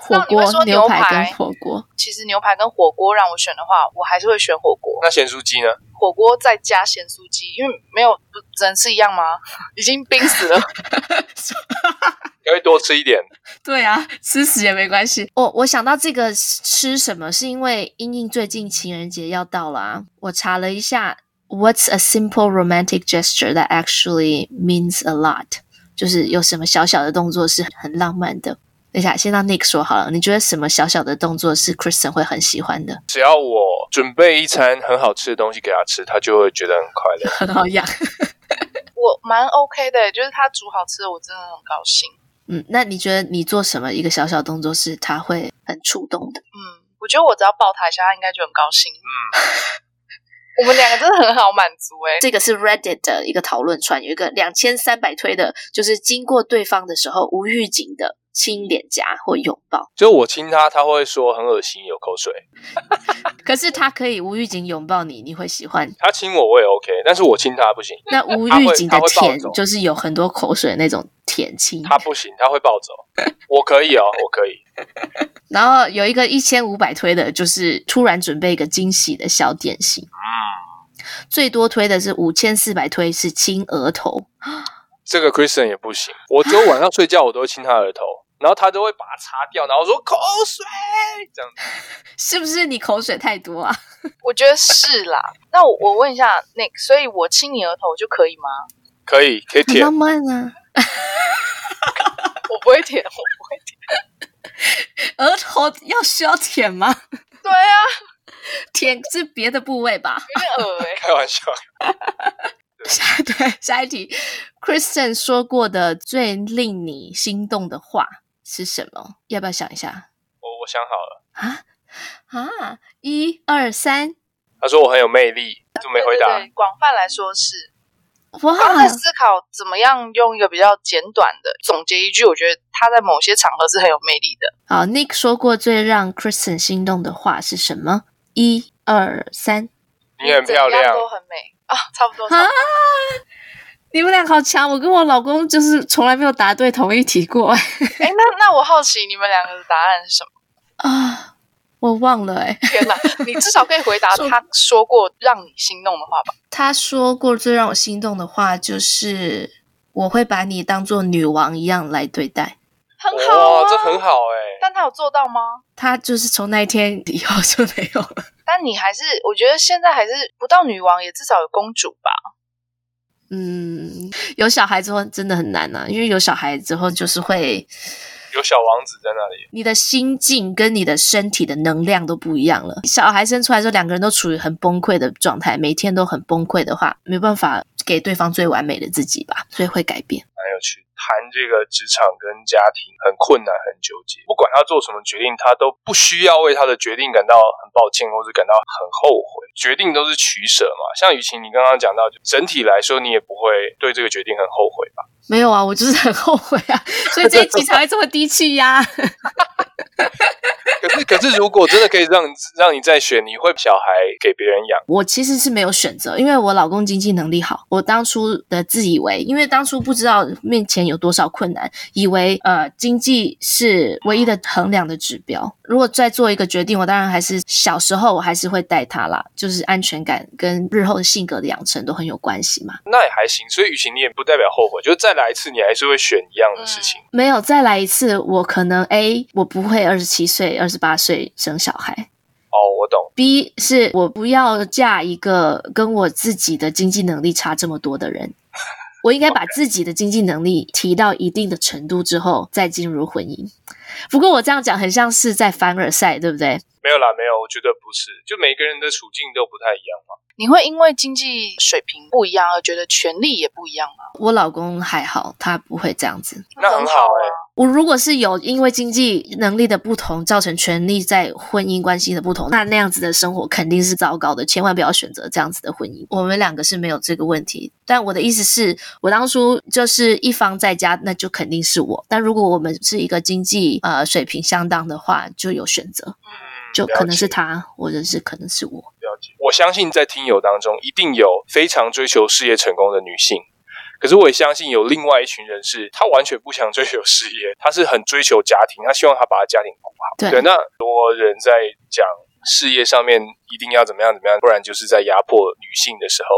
火鍋，你說牛排，牛排跟火鍋。其實牛排跟火鍋讓我選的話，我還是會選火鍋。那鹹酥雞呢？火鍋再加鹹酥雞，因為沒有只能吃一樣嗎？已經冰死了，你會 多吃一點？對啊，吃屎也沒關係。我，oh, 我想到這個吃什麼，是因為英英最近情人節要到了啊。我查了一下，What's a simple romantic gesture that actually means a lot？就是有什麼小小的動作是很浪漫的。等一下，先讓 Nick 說好了。你覺得什麼小小的動作是 Kristen 會很喜歡的？只要我準備一餐很好吃的東西給他吃，他就會覺得很快樂，很好養。 我蠻 OK 的，就是他煮好吃的，我真的很高興。嗯，那你覺得你做什麼一個小小動作是他會很觸動的？嗯，我覺得我只要抱他一下，他應該就很高興。嗯， 我們兩個真的很好滿足誒。這個是 Reddit 的一個討論串，有一個兩千三百推的，就是經過對方的時候無預警的。親臉頰或擁抱，就我親他，他會說很惡心，有口水。 可是他可以無預警擁抱你，你會喜歡。他親我我也 OK，但是我親他不行。那無預警的舔，嗯、就是有很多口水那種舔親，他不行，他會暴走。 我可以哦，我可以。 然後有一個一千五百推的，就是突然準備一個驚喜的小點心。 最多推的是五千四百推是親額頭。 這個 Kristen 也不行，我只有晚上睡覺我都會親他額頭。 然後他都會把它擦掉，然後我說口水這樣。是不是你口水太多啊？我覺得是啦。 那我，我問一下，那所以我親你額頭就可以嗎？可以，可以舔。舔慢慢我不會舔，我不會舔。 額頭要需要舔嗎？對啊，舔是別的部位吧？耳？ 開玩笑。下 對， 對，下一題，Kristen 說過的最令你心動的話。是什麼？要不要想一下？我我想好了啊啊！一二三，1, 2, 他說我很有魅力，就沒回答對對對？廣泛來說是，我他在思考怎麼樣用一個比較簡短的總結一句，我覺得他在某些場合是很有魅力的。好，Nick 說過最讓 Kristen 心動的話是什麼？一二三，你很漂亮，你都很美啊、哦，差不多,差不多、啊你們倆好強！我跟我老公就是從來沒有答對同一題過。欸，那那我好奇你們兩個的答案是什麼啊？我忘了欸，天哪！你至少可以回答他說過讓你心動的話吧？他說過最讓我心動的話就是我會把你當做女王一樣來對待。很好嗎？這很好欸，但他有做到嗎？他就是從那一天以後就沒有了。但你還是，我覺得現在還是不到女王，也至少有公主吧。嗯，有小孩之後真的很難吶、啊，因為有小孩之後就是會，有小王子在那裡，你的心境跟你的身體的能量都不一樣了。小孩生出來之後，兩個人都處於很崩潰的狀態，每天都很崩潰的話，沒辦法給對方最完美的自己吧，所以會改變。還有去談這個職場跟家庭很困難、很糾結。不管他做什麼決定，他都不需要為他的決定感到很抱歉，或者感到很後悔。決定都是取捨嘛。像雨芹，你剛剛講到，整體來說，你也不會對這個決定很後悔吧？沒有啊，我就是很後悔啊，所以這一集才會這麼低氣壓啊。 可是，可是，如果真的可以讓讓你再選，你會小孩給別人養？我其實是沒有選擇，因為我老公經濟能力好。我當初的自以為，因為當初不知道。面前有多少困難，以為呃經濟是唯一的衡量的指標。如果再做一個決定，我當然還是小時候，我還是會帶他啦，就是安全感跟日後的性格的養成都很有關係嘛。那也還行，所以雨芹你也不代表後悔，就再來一次你還是會選一樣的事情。嗯，沒有再來一次，我可能 A 我不會二十七歲、二十八歲生小孩。哦，Oh, 我懂。B 是我不要嫁一個跟我自己的經濟能力差這麼多的人。我應該把自己的經濟能力提到一定的程度之後再進入婚姻。不過我這樣講很像是在凡爾賽，對不對？沒有啦，沒有，我覺得不是，就每個人的處境都不太一樣嘛。你會因為經濟水平不一樣而覺得權力也不一樣嗎？我老公還好，他不會這樣子，那很好哎、欸。嗯。我如果是有因為經濟能力的不同造成權利在婚姻關係的不同，那那樣子的生活肯定是糟糕的，千萬不要選擇這樣子的婚姻。我們兩個是沒有這個問題，但我的意思是，我當初就是一方在家，那就肯定是我。但如果我們是一個經濟呃水平，相當的話，就有選擇，嗯，就可能是他，或者是可能是我。了解，我相信在聽友當中一定有非常追求事業成功的女性。可是我也相信有另外一群人，是他完全不想追求事業，他是很追求家庭，他希望他把他家庭過好。對，對，那很多人在講事業上面一定要怎麼樣怎麼樣，不然就是在壓迫女性的時候。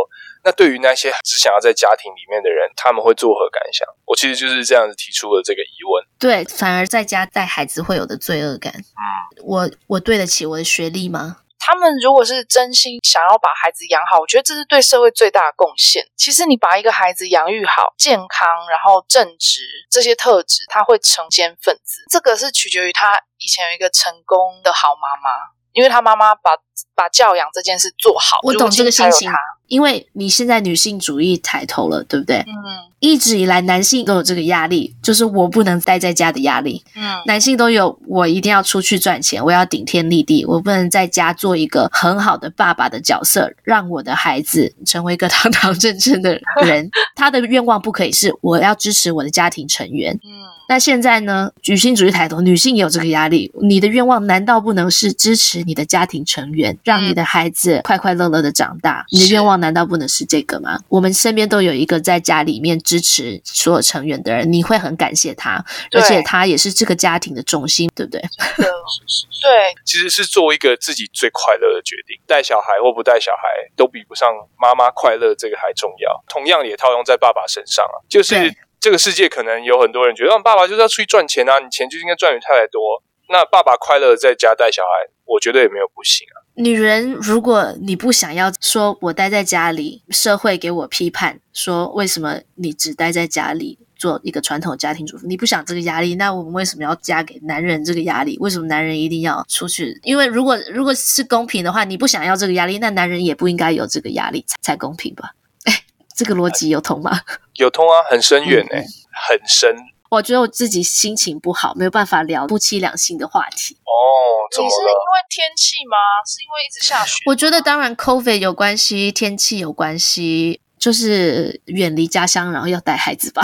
那對於那些只想要在家庭裡面的人，他們會作何感想？我其實就是這樣子提出了這個疑問。對，反而在家帶孩子會有的罪惡感。嗯，我我對得起我的學歷嗎？他們如果是真心想要把孩子養好，我覺得這是對社會最大的貢獻。其實你把一個孩子養育好、健康，然後正直這些特質，他會成賢分子。這個是取決於他以前有一個成功的好媽媽，因為他媽媽把。把教養這件事做好。我懂這個心情，因為你現在女性主義抬頭了，對不對？嗯，一直以來男性都有這個壓力，就是我不能待在家的壓力。嗯，男性都有，我一定要出去賺錢，我要頂天立地，我不能在家做一個很好的爸爸的角色，讓我的孩子成為一個堂堂正正的人。 他的願望不可以是我要支持我的家庭成員。嗯，那現在呢？女性主義抬頭，女性也有這個壓力。你的願望難道不能是支持你的家庭成員？讓你的孩子快快樂樂的長大，嗯、你的願望難道不能是這個嗎？是我們身邊都有一個在家裡面支持所有成員的人，你會很感謝他，對而且他也是這個家庭的重心，對不對？對，其實是做一個自己最快樂的決定，帶小孩或不帶小孩，都比不上媽媽快樂這個還重要。同樣也套用在爸爸身上啊，就是對這個世界可能有很多人覺得，啊、爸爸就是要出去賺錢啊，你錢就應該賺比太太多。那爸爸快樂在家帶小孩，我覺得也沒有不行啊。女人，如果你不想要說，我待在家裡，社會給我批判說為什麼你只待在家裡做一個傳統家庭主婦，你不想這個壓力，那我們為什麼要嫁給男人這個壓力？為什麼男人一定要出去？因為如果如果是公平的話，你不想要這個壓力，那男人也不應該有這個壓力才公平吧？哎，這個邏輯有通嗎？哎，有通啊，很深遠呢，欸，嗯嗯，很深。我覺得我自己心情不好，沒有辦法聊夫妻兩性的話題。哦、oh，你是因為天氣嗎？是因為一直下雪？我覺得當然，COVID 有關係，天氣有關係，就是遠離家鄉，然後要帶孩子吧，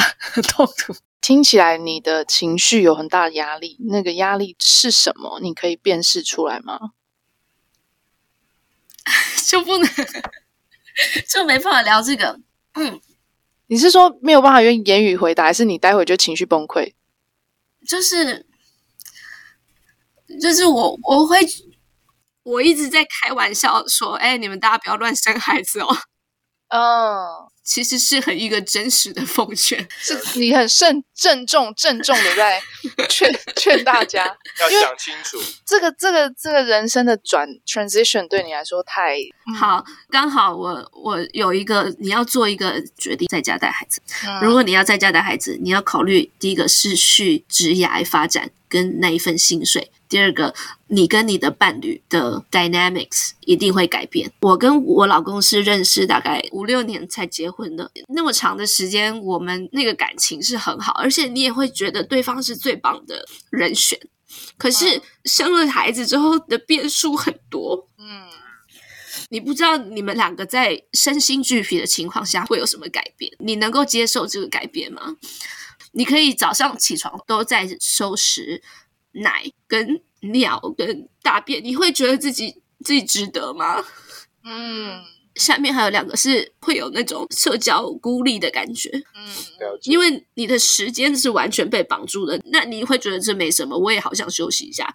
痛苦。聽起來你的情緒有很大的壓力，那個壓力是什麼？你可以辨識出來嗎？ 就不能， 就沒辦法聊這個。嗯。 你是說沒有辦法用言語回答，還是你待會就情緒崩潰？就是，就是我我會，我一直在開玩笑說：“欸，你們大家不要亂生孩子哦。”嗯。其實是很一個真實的奉勸，是你很慎、鄭重鄭重的在勸 勸大家，要想清楚這個這個這個人生的轉 transition 對你來說太、嗯、好，剛好我我有一個你要做一個決定，在家帶孩子。嗯、如果你要在家帶孩子，你要考慮第一個是去職涯發展跟那一份薪水，第二個，你跟你的伴侶的 dynamics 一定會改變。我跟我老公是認識大概五六年才結婚的，那麼長的時間，我們那個感情是很好，而且你也會覺得對方是最棒的人選。可是生了孩子之後的變數很多，嗯，你不知道你們兩個在身心俱疲的情況下會有什麼改變，你能夠接受這個改變嗎？你可以早上起床都在收拾奶跟尿跟大便，你會覺得自己自己值得嗎？嗯。下面還有兩個是會有那種社交孤立的感覺，嗯，了解，因為你的時間是完全被綁住的，那你會覺得這沒什麼，我也好想休息一下。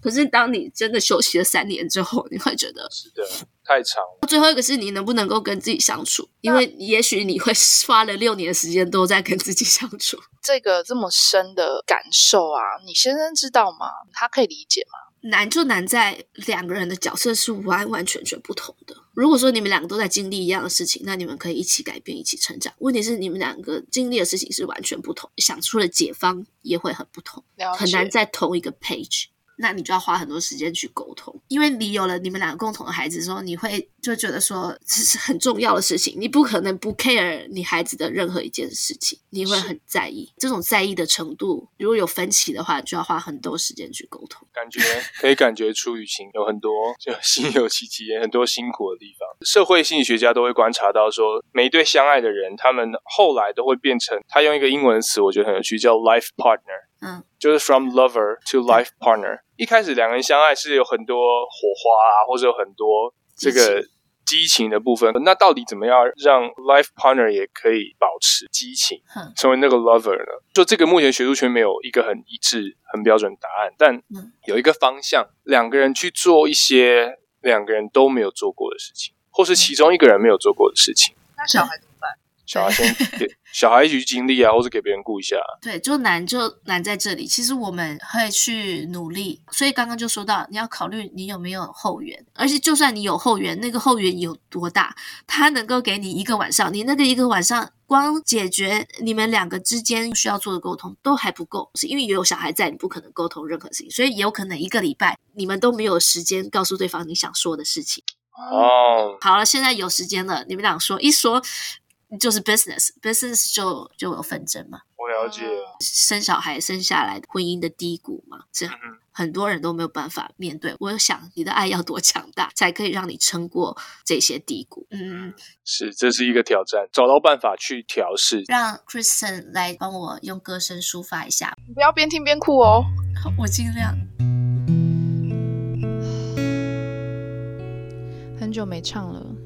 可是當你真的休息了三年之後，你會覺得是的，太長。最後一個是你能不能夠跟自己相處？那，因為也許你會花了六年的時間都在跟自己相處，這個這麼深的感受啊，你先生知道嗎？他可以理解嗎？難就難在兩個人的角色是完完全全不同的。如果說你們兩個都在經歷一樣的事情，那你們可以一起改變、一起成長。問題是你們兩個經歷的事情是完全不同，想出的解方也會很不同，了解。很難在同一個 page。那你就要花很多時間去溝通，因為你有了你們兩個共同的孩子之後，你會就覺得說這是很重要的事情，你不可能不 care 你孩子的任何一件事情，你會很在意。是這種在意的程度，如果有分歧的話，就要花很多時間去溝通。感覺可以感覺出，雨芹有很多 就心有戚戚，很多辛苦的地方。社會心理學家都會觀察到說，說每一對相愛的人，他們後來都會變成他用一個英文詞，我覺得很有趣，叫 life partner。嗯，就是 from lover to life partner，嗯。嗯嗯，一開始兩個人相愛是有很多火花啊，或者有很多這個激情，激情的部分。那到底怎麼樣讓 life partner 也可以保持激情，嗯，成為那個 lover 呢？就這個目前學術圈沒有一個很一致、很標準的答案，但有一個方向：兩個人去做一些兩個人都沒有做過的事情，或是其中一個人沒有做過的事情。那，嗯，小孩怎麼辦？小孩先。 小孩一起去經歷啊，或者給別人顧一下。對，就難就難在這裡。其實我們會去努力，所以剛剛就說到，你要考慮你有沒有後援，而且就算你有後援，那個後援有多大？他能夠給你一個晚上，你那個一個晚上光解決你們兩個之間需要做的溝通都還不夠，是因為有小孩在，你不可能溝通任何事情，所以也有可能一個禮拜你們都沒有時間告訴對方你想說的事情。哦，oh. 好了，現在有時間了，你們倆說一說。就是 business business 就就有紛爭嘛，我了解了。生小孩生下來，婚姻的低谷嘛，這樣很多人都沒有辦法面對。我想你的愛要多強大，才可以讓你撐過這些低谷。嗯嗯，是，這是一個挑戰，找到辦法去調試。讓 Kristen 來幫我用歌聲抒發一下，你不要邊聽邊哭哦。 我盡量。很久沒唱了。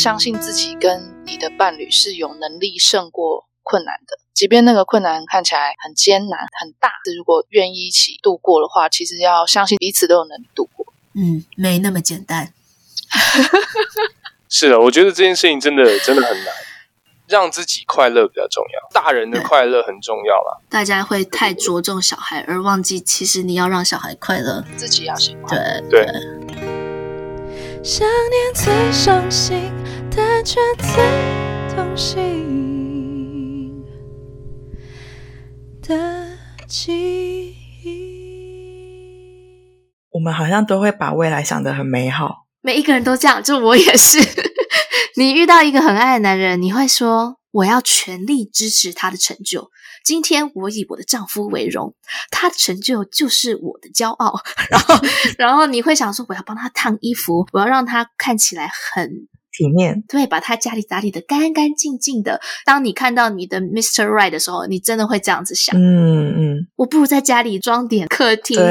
相信自己跟你的伴侶是有能力勝過困難的，即便那個困難看起來很艱難很大，如果願意一起度過的話，其實要相信彼此都有能力度過。嗯，沒那麼簡單。 是啊，我覺得這件事情真的真的很難。 讓自己快樂比較重要，大人的快樂很重要啦。對大家會太着重小孩而忘記，其實你要讓小孩快樂，自己也要快樂。對對。對對但卻最動心的記憶。我們好像都會把未來想得很美好，每一個人都這樣，就我也是。 你遇到一個很愛的男人，你會說：“我要全力支持他的成就。”今天我以我的丈夫為榮，他的成就就是我的驕傲。然後， 然後你會想說：“我要幫他燙衣服，我要讓他看起來很。”體面。對，把他家裡打理得干干淨淨的。當你看到你的 Mr. Right 的時候，你真的會這樣子想。嗯嗯，嗯我不如在家裡裝點客廳，對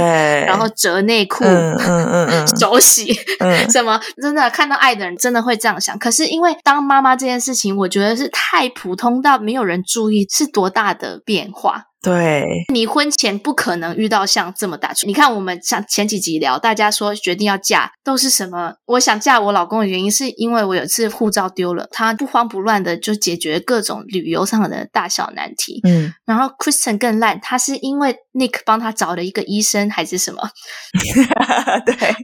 然後折內褲，嗯嗯嗯嗯、手洗，嗯、什麼？真的看到愛的人，真的會這樣想。可是因為當媽媽這件事情，我覺得是太普通到沒有人注意，是多大的變化。對，你婚前不可能遇到像這麼大。你看，我們像前幾集聊，大家說決定要嫁都是什麼？我想嫁我老公的原因，是因為我有次護照丟了，他不慌不亂的就解決各種旅遊上的大小難題。嗯，然後 Kristen 更爛，他是因為 Nick 幫他找了一個醫生還是什麼？ 對、哦，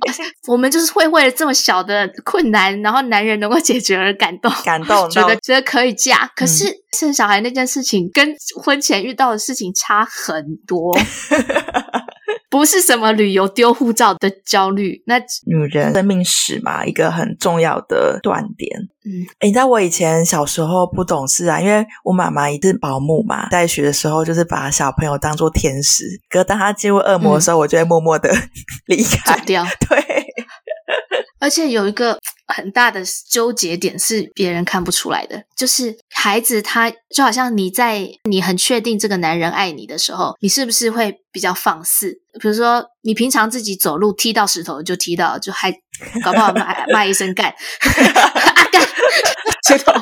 我們就是會為了這麼小的困難，然後男人能夠解決而感動，感動覺得，然後覺得覺得可以嫁，可是。嗯生小孩那件事情跟婚前遇到的事情差很多， 不是什麼旅遊丟護照的焦慮。那女人生命史嘛，一個很重要的斷點。嗯，知道、欸、我以前小時候不懂事啊，因為我媽媽是保姆嘛，在學的時候就是把小朋友當做天使，可當她進入惡魔的時候，嗯、我就會默默的離開。掉對，而且有一個。很大的糾結點是別人看不出來的，就是孩子他就好像你在你很確定這個男人愛你的時候，你是不是會比較放肆？比如說你平常自己走路踢到石頭就踢到，就還搞不好罵 罵一聲幹“ 啊、幹阿幹石頭。”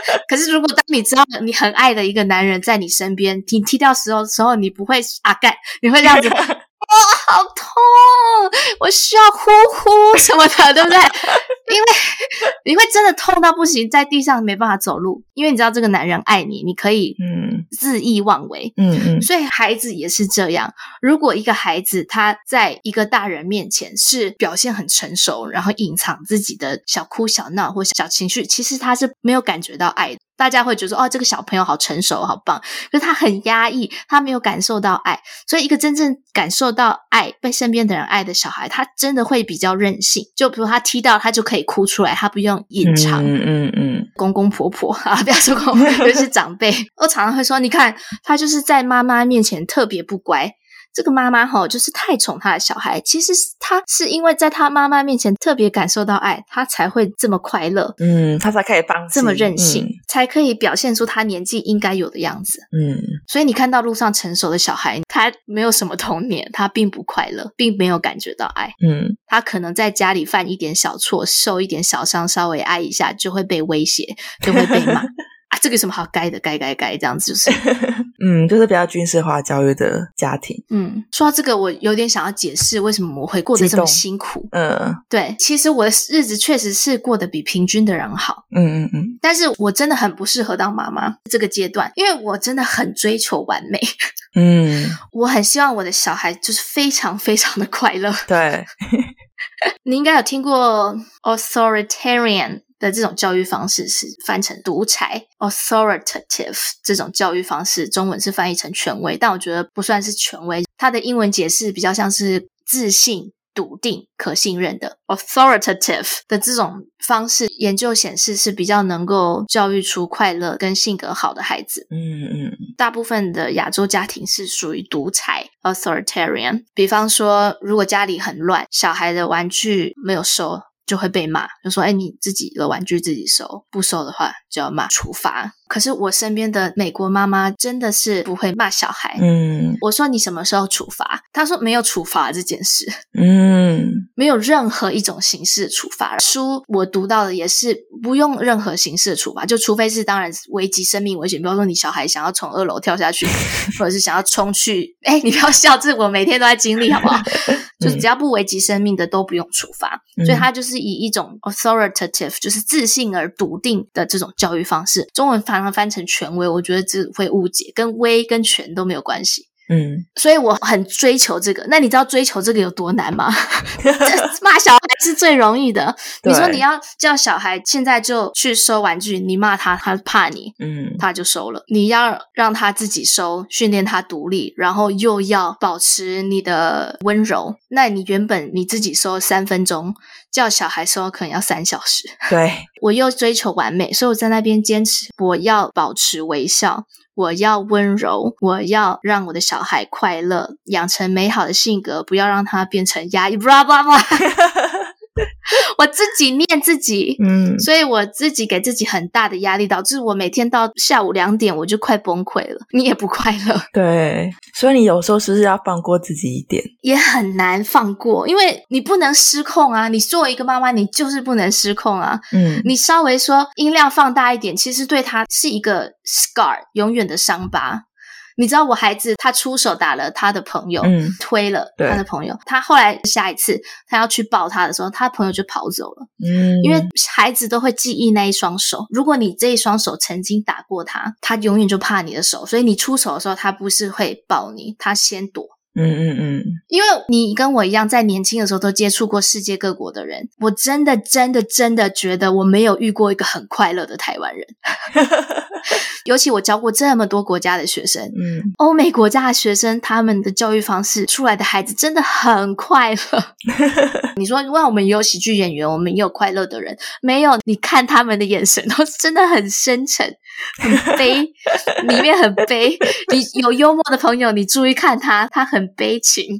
可是如果當你知道你很愛的一個男人在你身邊，你踢到石頭的時候，你不會阿、啊、幹，你會這樣子：哇、 哦，好痛，我需要呼呼什麼的，對不對？因為你會真的痛到不行，在地上沒辦法走路。因為你知道這個男人愛你，你可以嗯恣意妄為，嗯嗯。嗯所以孩子也是這樣。如果一個孩子他在一個大人面前是表現很成熟，然後隱藏自己的小哭小鬧或小情緒，其實他是沒有感覺到愛的。大家會覺得說哦，這個小朋友好成熟，好棒。就他很壓抑，他沒有感受到愛。所以一個真正感受到愛、被身邊的人愛的小孩，他真的會比較任性。就比如他踢到他就可以哭出來，他不用隱藏。嗯嗯嗯，嗯嗯公公婆婆啊，不要說公公婆婆，就是長輩， 我常常會說，你看他就是在媽媽面前特別不乖。這個媽媽哈，就是太寵他的小孩。其實他是因為在他媽媽面前特別感受到愛，他才會這麼快樂。嗯，他才可以放這麼任性，嗯，才可以表現出他年紀應該有的樣子。嗯，所以你看到路上成熟的小孩，他沒有什麼童年，他並不快樂，並沒有感覺到愛。嗯，他可能在家裡犯一點小錯，受一點小傷，稍微挨一下就會被威脅，就會被罵。 這個有什麼好該的該該該這樣子就是， 嗯，就是比較軍事化教育的家庭。嗯，說到這個，我有點想要解釋為什麼我會過得這麼辛苦。嗯，呃、對，其實我的日子確實是過得比平均的人好。嗯嗯嗯。但是我真的很不適合當媽媽這個階段，因為我真的很追求完美。嗯， 我很希望我的小孩就是非常非常的快樂。對， 你應該有聽過 authoritarian。的這種教育方式是翻成獨裁 （authoritative） 這種教育方式，中文是翻譯成權威，但我覺得不算是權威。它的英文解釋比較像是自信、篤定、可信任的 （authoritative） 的這種方式。研究顯示是比較能夠教育出快樂跟性格好的孩子。嗯嗯，嗯，大部分的亞洲家庭是屬於獨裁 （authoritarian）。比方說，如果家裡很亂，小孩的玩具沒有收。就會被罵，就說：“哎，你自己的玩具自己收，不收的話就要罵處罰。”可是我身邊的美國媽媽真的是不會罵小孩。嗯，我說你什麼時候處罰？她說沒有處罰這件事。嗯，沒有任何一種形式處罰。書我讀到的也是不用任何形式處罰，就除非是當然危及生命危險，比如說你小孩想要從二樓跳下去， 或者是想要衝去，哎，你不要笑，這我每天都在經歷，好不好？就是只要不危及生命的都不用處罰。所以她就是以一種 authoritative，就是自信而篤定的這種教育方式，中文翻。讓他翻成權威，我覺得這會誤解，跟威跟權都沒有關係。嗯，所以我很追求這個。那你知道追求這個有多難嗎？ 罵小孩是最容易的。對你說你要叫小孩現在就去收玩具，你罵他，他怕你，嗯，他就收了。你要讓他自己收，訓練他獨立，然後又要保持你的溫柔，那你原本你自己收三分鐘，叫小孩時候可能要三小時，對，我又追求完美，所以我在那邊堅持，我要保持微笑，我要溫柔，我要讓我的小孩快樂，養成美好的性格，不要讓他變成壓抑，巴拉巴拉巴拉。 我自己念自己，嗯，所以我自己給自己很大的壓力，導致我每天到下午兩點我就快崩潰了。你也不快樂，對，所以你有時候是不是要放過自己一點？也很難放過，因為你不能失控啊。你作為一個媽媽，你就是不能失控啊。嗯，你稍微說音量放大一點，其實對他是一個 scar，永遠的傷疤。你知道我孩子，他出手打了他的朋友，嗯，推了他的朋友，對他後來下一次他要去抱他的時候，他朋友就跑走了。嗯，因為孩子都會記憶那一雙手，如果你這一雙手曾經打過他，他永遠就怕你的手，所以你出手的時候，他不是會抱你，他先躲。嗯嗯嗯，因為你跟我一樣，在年輕的時候都接觸過世界各國的人，我真的真的真的覺得我沒有遇過一個很快樂的台灣人。 尤其我教過這麼多國家的學生，嗯，歐美國家的學生，他們的教育方式出來的孩子真的很快樂。 你說，如果我們也有喜劇演員，我們也有快樂的人，沒有？你看他們的眼神都是真的很深沉，很悲， 裡面很悲。你有幽默的朋友，你注意看他，他很悲。悲情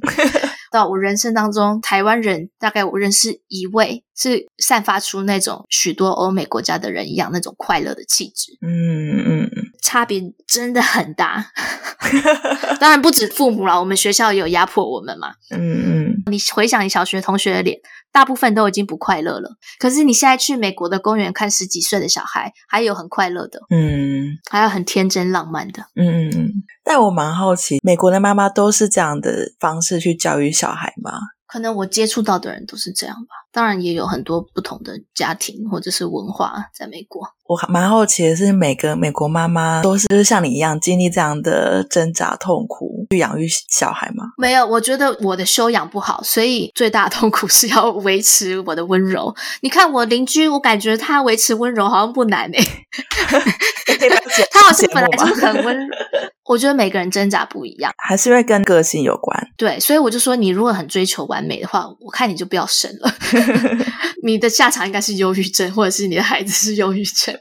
到我人生當中，台灣人大概我認識一位，是散發出那種許多歐美國家的人一樣那種快樂的氣質。嗯嗯嗯，嗯差別真的很大。 當然不止父母了，我們學校也有壓迫我們嘛。嗯嗯，嗯你回想你小學同學的臉。大部分都已經不快樂了，可是你現在去美國的公園看十幾歲的小孩，還有很快樂的，嗯，還有很天真浪漫的，嗯嗯嗯。但我蠻好奇，美國的媽媽都是這樣的方式去教育小孩嗎？可能我接觸到的人都是這樣吧，當然也有很多不同的家庭，或者是文化在美國。我還蠻好奇的是，每個美國媽媽都是就是像你一樣經歷這樣的掙扎痛苦去養育小孩嗎？沒有，我覺得我的修養不好，所以最大的痛苦是要維持我的溫柔。你看我鄰居，我感覺他維持溫柔好像不難誒、欸， 欸、他好像本來就很溫柔。 我覺得每個人掙扎不一樣，還是會跟個性有關。對，所以我就說，你如果很追求完美的話，我看你就不要生了。 你的下場應該是憂鬱症，或者是你的孩子是憂鬱症。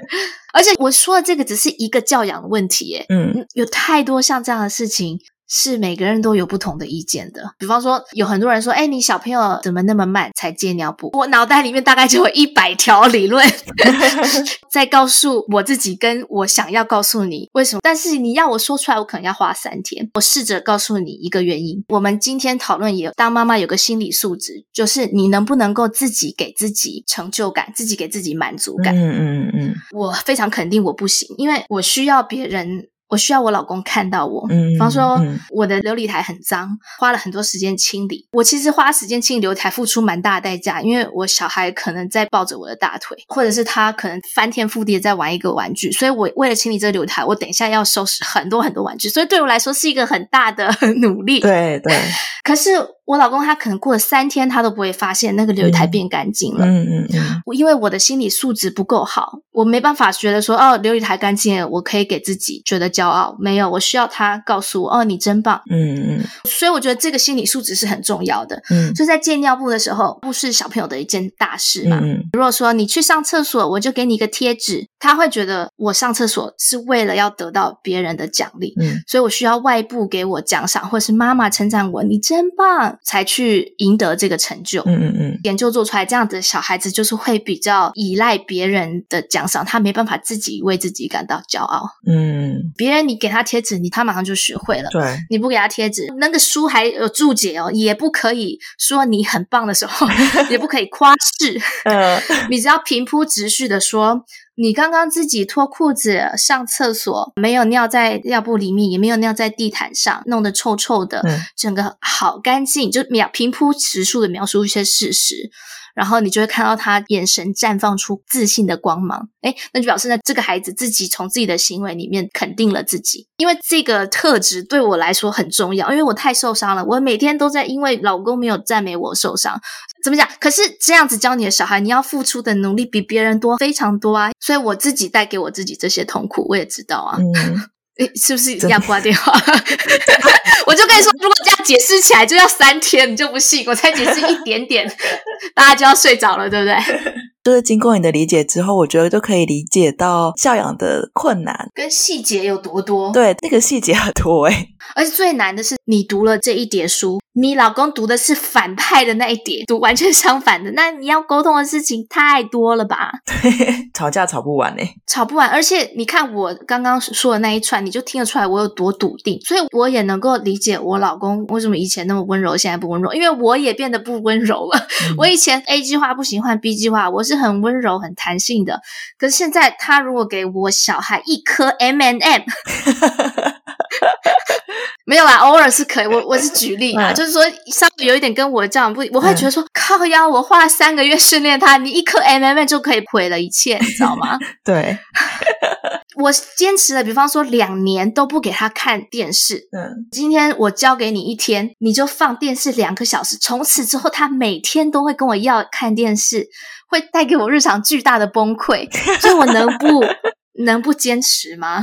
而且我說的這個只是一個教養的問題耶，嗯，有太多像這樣的事情。是每個人都有不同的意見的。比方說，有很多人說：“哎，你小朋友怎麼那麼慢才戒尿布？”我腦袋裡面大概就有一百條理論 在告訴我自己，跟我想要告訴你為什麼。但是你要我說出來，我可能要花三天。我試着告訴你一個原因。我們今天討論也有，當媽媽有個心理素質，就是你能不能夠自己給自己成就感，自己給自己滿足感？嗯嗯嗯嗯。嗯嗯我非常肯定我不行，因為我需要別人。我需要我老公看到我，嗯，比方說我的流理台很髒，嗯、花了很多時間清理。我其實花時間清理流理台付出蠻大的代價，因為我小孩可能在抱着我的大腿，或者是他可能翻天覆地在玩一個玩具，所以我為了清理這個流理台，我等一下要收拾很多很多玩具，所以對我來說是一個很大的努力。對對，對可是。我老公他可能過了三天，他都不會發現那個流理台變乾淨了。嗯嗯，嗯，因為我的心理素質不夠好，我沒辦法覺得說哦，流理台乾淨了，我可以給自己覺得驕傲。沒有，我需要他告訴我哦，你真棒。嗯嗯，嗯，所以我覺得這個心理素質是很重要的。嗯，就在戒尿布的時候，不是小朋友的一件大事嘛。嗯，嗯，如果說你去上廁所，我就給你一個貼紙。他會覺得我上廁所是為了要得到別人的獎勵，嗯，所以我需要外部給我獎賞，或者是媽媽稱讚我，你真棒，才去贏得這個成就。嗯嗯嗯。嗯，研究做出來這樣的小孩子就是會比較依賴別人的獎賞，他沒辦法自己為自己感到驕傲。嗯，別人你給他貼紙，你他馬上就學會了。對，你不給他貼紙，那個書還有注解哦，也不可以說你很棒的時候， 也不可以誇飾。 你只要平鋪直敘的說。你剛剛自己脫褲子上廁所，沒有尿在尿布裡面，也沒有尿在地毯上，弄得臭臭的，嗯、整個好乾淨，就描平鋪直述的描述一些事實。然後你就會看到他眼神綻放出自信的光芒，哎，那就表示呢，這個孩子自己從自己的行為裡面肯定了自己，因為這個特質對我來說很重要，因為我太受傷了，我每天都在因為老公沒有讚美我受傷，怎麼講？可是這樣子教你的小孩，你要付出的努力比別人多非常多啊，所以我自己帶給我自己這些痛苦，我也知道啊。嗯誒，是不是要掛電話？的 我就跟你說，如果這樣解釋起來，就要三天，你就不信？我才解釋一點點， 大家就要睡着了，對不對？就是經過你的理解之後，我覺得就可以理解到教養的困難跟細節有多多。對，那個細節很多哎、欸，而且最難的是你讀了這一疊書。你老公讀的是反派的那一點，讀完全相反的，那你要溝通的事情太多了吧？對，吵架吵不完哎、欸，吵不完。而且你看我剛剛說的那一串，你就聽得出來我有多篤定，所以我也能夠理解我老公為什麼以前那麼溫柔，現在不溫柔，因為我也變得不溫柔了。嗯、我以前 A 計劃不行換 B 計劃，我是很溫柔很彈性的，可是現在他如果給我小孩一顆 M and M。 沒有啊，偶爾是可以。我我是舉例啊，嗯、就是說，稍微有一點跟我這樣，不，我會覺得說，嗯、靠呀，我花了三個月訓練他，你一顆 M M M 就可以毀了一切，你知道嗎？對， 我堅持了，比方說兩年都不給他看電視。嗯，今天我交給你一天，你就放電視兩個小時。從此之後，他每天都會跟我要看電視，會帶給我日常巨大的崩潰。所以我能不 能不堅持嗎？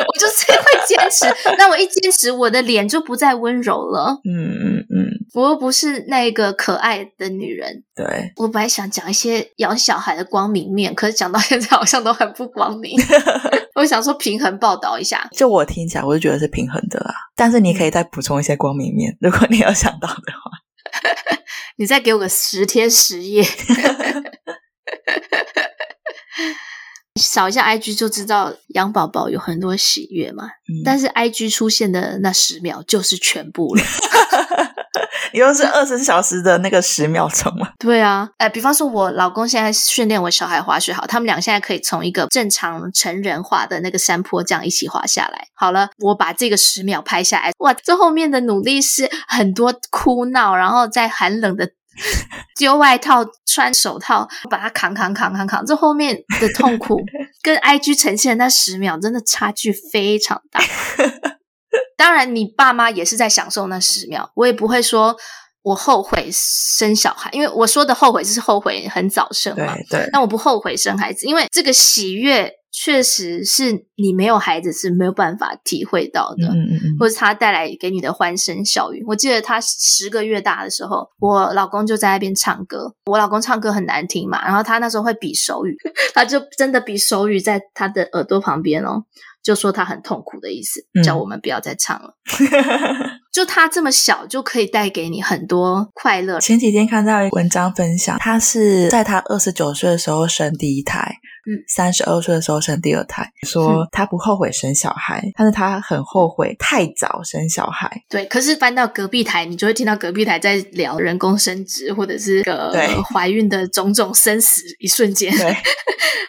我就是會堅持，那我一堅持，我的臉就不再溫柔了。嗯嗯嗯，嗯嗯，我又不是那個可愛的女人。對，我本來想講一些養小孩的光明面，可是講到現在好像都很不光明。 我想說平衡報道一下，就我聽起來我就覺得是平衡的啊。但是你可以再補充一些光明面，如果你有想到的話。 你再給我個十天十夜。 掃一下 IG 就知道養寶寶有很多喜悅嘛，嗯、但是 IG 出現的那十秒就是全部了， 又是二十四小時的那個十秒鐘嘛。 對啊，誒、呃、比方說我老公現在訓練我小孩滑雪好，他們倆現在可以從一個正常成人化的那個山坡這樣一起滑下來。好了，我把這個十秒拍下來，哇，這後面的努力是很多哭鬧，然後在寒冷的。就 外套，穿手套，把它扛扛扛扛扛，這後面的痛苦 跟 IG 呈現的那十秒真的差距非常大。 當然，你爸媽也是在享受那十秒，我也不會說我後悔生小孩，因為我說的後悔就是後悔很早生嘛。對，對，但我不後悔生孩子，因為這個喜悅。確實是你沒有孩子是沒有辦法體會到的，嗯嗯嗯，或是他帶來給你的歡聲笑語。我記得他十個月大的時候，我老公就在那邊唱歌。我老公唱歌很難聽嘛，然後他那時候會比手語，他就真的比手語在他的耳朵旁邊哦，就說他很痛苦的意思，嗯、叫我們不要再唱了。 就他這麼小就可以帶給你很多快樂。前幾天看到一個文章分享，他是在他二十九歲的時候生第一胎。嗯，三十二歲的時候生第二胎，說她不後悔生小孩，嗯、但是她很後悔太早生小孩。對，可是搬到隔壁台，你就會聽到隔壁台在聊人工生殖或者是個對呃懷孕的種種生死一瞬間。對，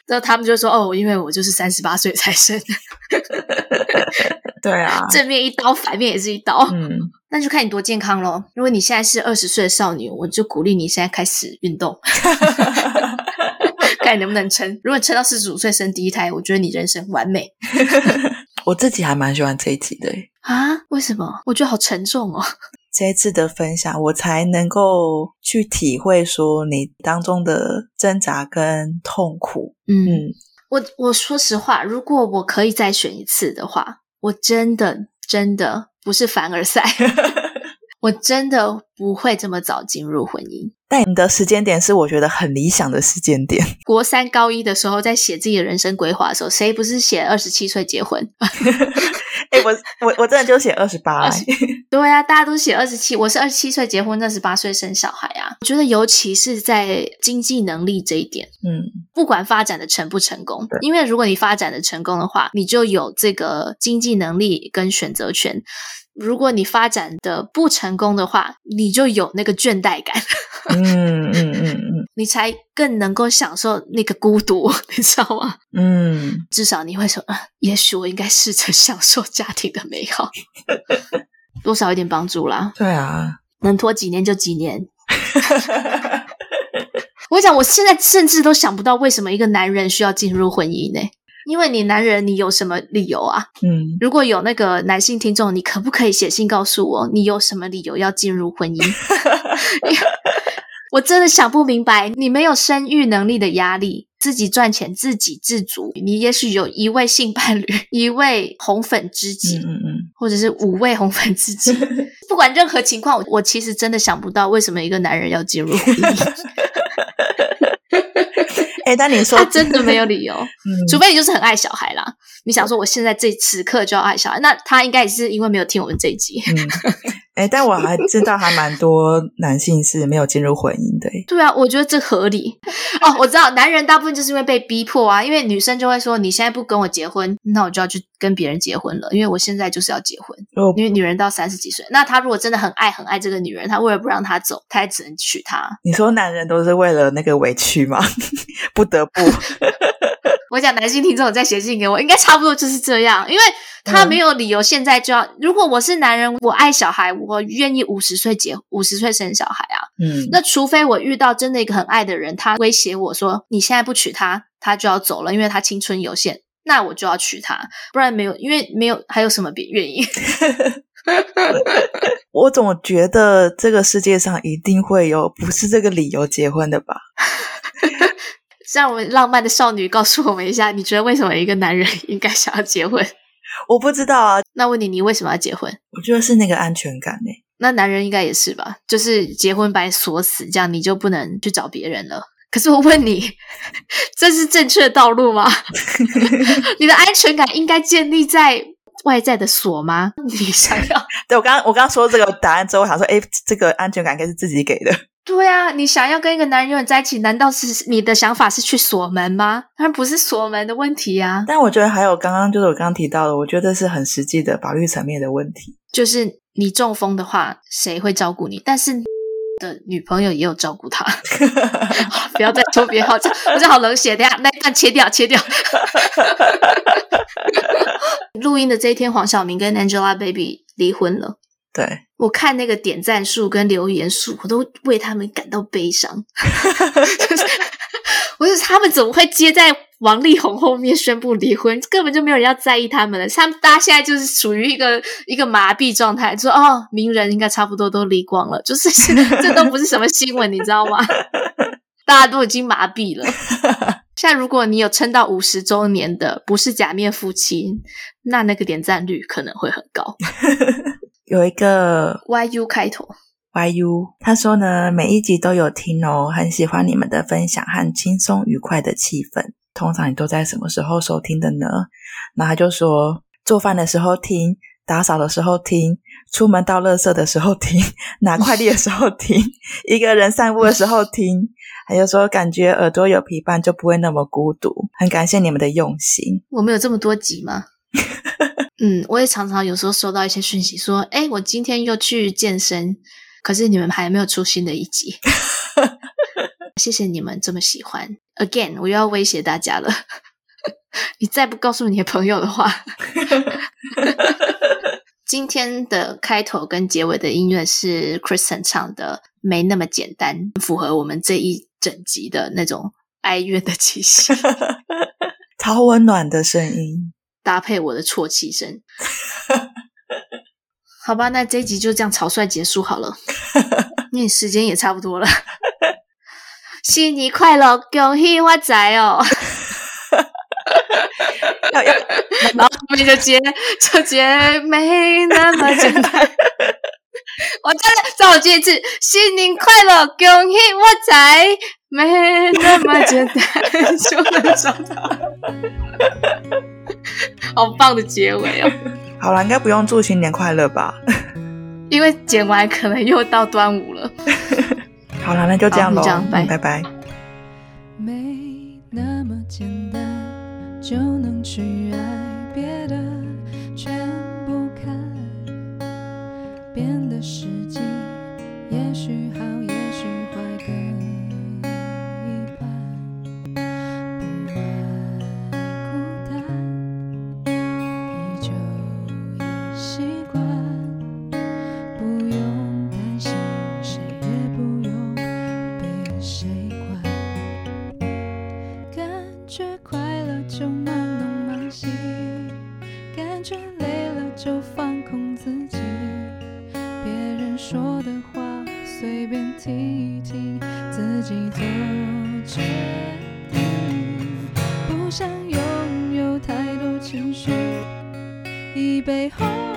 然後他們就說：“哦，因為我就是三十八歲才生。” 對啊，正面一刀，反面也是一刀。嗯，那就看你多健康咯。如果你現在是二十歲的少女，我就鼓勵你現在開始運動。 看你能不能撐。如果撐到四十五歲生第一胎，我覺得你人生完美。 我自己還蠻喜歡這一集的。對。啊？為什麼？我覺得好沉重哦。這一次的分享，我才能夠去體會說你當中的掙扎跟痛苦。嗯，嗯，我我說實話，如果我可以再選一次的話，我真的真的不是凡爾賽。 我真的不會這麼早進入婚姻，但你的時間點是我覺得很理想的時間點。國三、高一的時候，在寫自己的人生規劃的時候，誰不是寫二十七歲結婚？哎、 欸，我我我真的就寫二十八。 對啊，大家都寫二十七，我是二十七歲結婚，二十八歲生小孩啊。我覺得，尤其是在經濟能力這一點，嗯，不管發展的成不成功，對因為如果你發展的成功的話，你就有這個經濟能力跟選擇權。如果你發展的不成功的話，你就有那個倦怠感。嗯嗯嗯嗯， 你才更能夠享受那個孤獨，你知道嗎？嗯，至少你會說，啊，也許我應該試着享受家庭的美好， 多少有點幫助啦。對啊，能拖幾年就幾年。 我講，我現在甚至都想不到為什麼一個男人需要進入婚姻呢，欸？因為你男人，你有什麼理由啊？嗯，如果有那個男性聽眾，你可不可以寫信告訴我，你有什麼理由要進入婚姻？ 我真的想不明白，你沒有生育能力的壓力，自己賺錢自給自足，你也許有一位性伴侶，一位紅粉知己，嗯，嗯嗯，或者是五位紅粉知己， 不管任何情況，我其實真的想不到為什麼一個男人要進入婚姻。 哎，當、欸、你說他、啊、真的沒有理由， 除非你就是很愛小孩啦。嗯、你想說我現在這此刻就要愛小孩，那他應該也是因為沒有聽我們這一集。嗯 哎、欸，但我還知道還蠻多男性是沒有進入婚姻的。對，對啊，我覺得這合理哦。我知道，男人大部分就是因為被逼迫啊，因為女生就會說：“你現在不跟我結婚，那我就要去跟別人結婚了。”因為我現在就是要結婚。哦不，因為女人到三十幾歲，那他如果真的很愛很愛這個女人，他為了不讓她走，他也只能娶她。你說男人都是為了那個委屈嗎？不得不。 我講男性聽眾在寫信給我，應該差不多就是這樣，因為他沒有理由現在就要。嗯，如果我是男人，我愛小孩，我願意五十歲結五十歲生小孩啊。嗯，那除非我遇到真的一個很愛的人，他威脅我說：“你現在不娶她，她就要走了，因為她青春有限。”那我就要娶她，不然沒有，因為沒有還有什麼別原因。 我總覺得這個世界上一定會有不是這個理由結婚的吧。 像我們浪漫的少女，告訴我們一下，你覺得為什麼一個男人應該想要結婚？我不知道啊。那問你，你為什麼要結婚？我覺得是那個安全感呢、欸。那男人應該也是吧？就是結婚把你鎖死，這樣你就不能去找別人了。可是我問你，這是正確的道路嗎？ 你的安全感應該建立在外在的鎖嗎？你想要 對，對我剛剛我剛剛說這個答案之後，我想說，哎，這個安全感應該是自己給的。對啊，你想要跟一個男人永遠在一起，難道是你的想法是去鎖門嗎？當然不是鎖門的問題呀、啊。但我覺得還有剛剛就是我剛剛提到的，我覺得是很實際的法律層面的問題。就是你中風的話，誰會照顧你？但是你 X X 的女朋友也有照顧他。 不要再說別號，這樣 好冷血。等下那一段切掉，切掉。 錄音的這一天，黃曉明跟 Angelababy 離婚了。對我看那個點贊數跟留言數，我都為他們感到悲傷。 就是、我說他們怎麼會接在王力宏後面宣布離婚？根本就沒有人要在意他們了。他們大家現在就是屬於一個一個麻痹狀態，說哦，名人應該差不多都離光了，就是這都不是什麼新聞，你知道嗎？大家都已經麻痹了。現在如果你有撐到五十周年的，不是假面夫妻，那那個點贊率可能會很高。 有一個 Y U 開頭，Y U，他說呢，每一集都有聽哦，很喜歡你們的分享和輕鬆愉快的氣氛。通常你都在什麼時候收聽的呢？那他就說，做飯的時候聽，打掃的時候聽，出門倒垃圾的時候聽，拿快遞的時候聽， 一個人散步的時候聽，還有 說感覺耳朵有陪伴就不會那麼孤獨。很感謝你們的用心。我們有這麼多集嗎？嗯，我也常常有時候收到一些訊息說，哎，我今天又去健身，可是你們還沒有出新的一集， 謝謝你們這麼喜歡。Again，我又要威脅大家了， 你再不告訴你的朋友的話， 今天的開頭跟結尾的音樂是 Kristen 唱的，《沒那麼簡單》，符合我們這一整集的那種哀怨的氣息，超溫暖的聲音。搭配我的啜泣聲， 好吧，那這一集就這樣草率結束好了，因為 時間也差不多了。新年快樂，恭喜發財哦！要要，然後 然後面 就接就接沒那麼簡單。我 再 再我接一次， 新年快樂，恭喜發財，沒那麼簡單就能找到。 好棒的結尾哦！ 好了，應該不用祝新年快樂吧？ 因為剪完可能又到端午了。 好了，那就這樣嘍，哦，拜拜，嗯、拜拜。沒那麼簡單，就能去不想擁有太多情緒，一杯紅酒。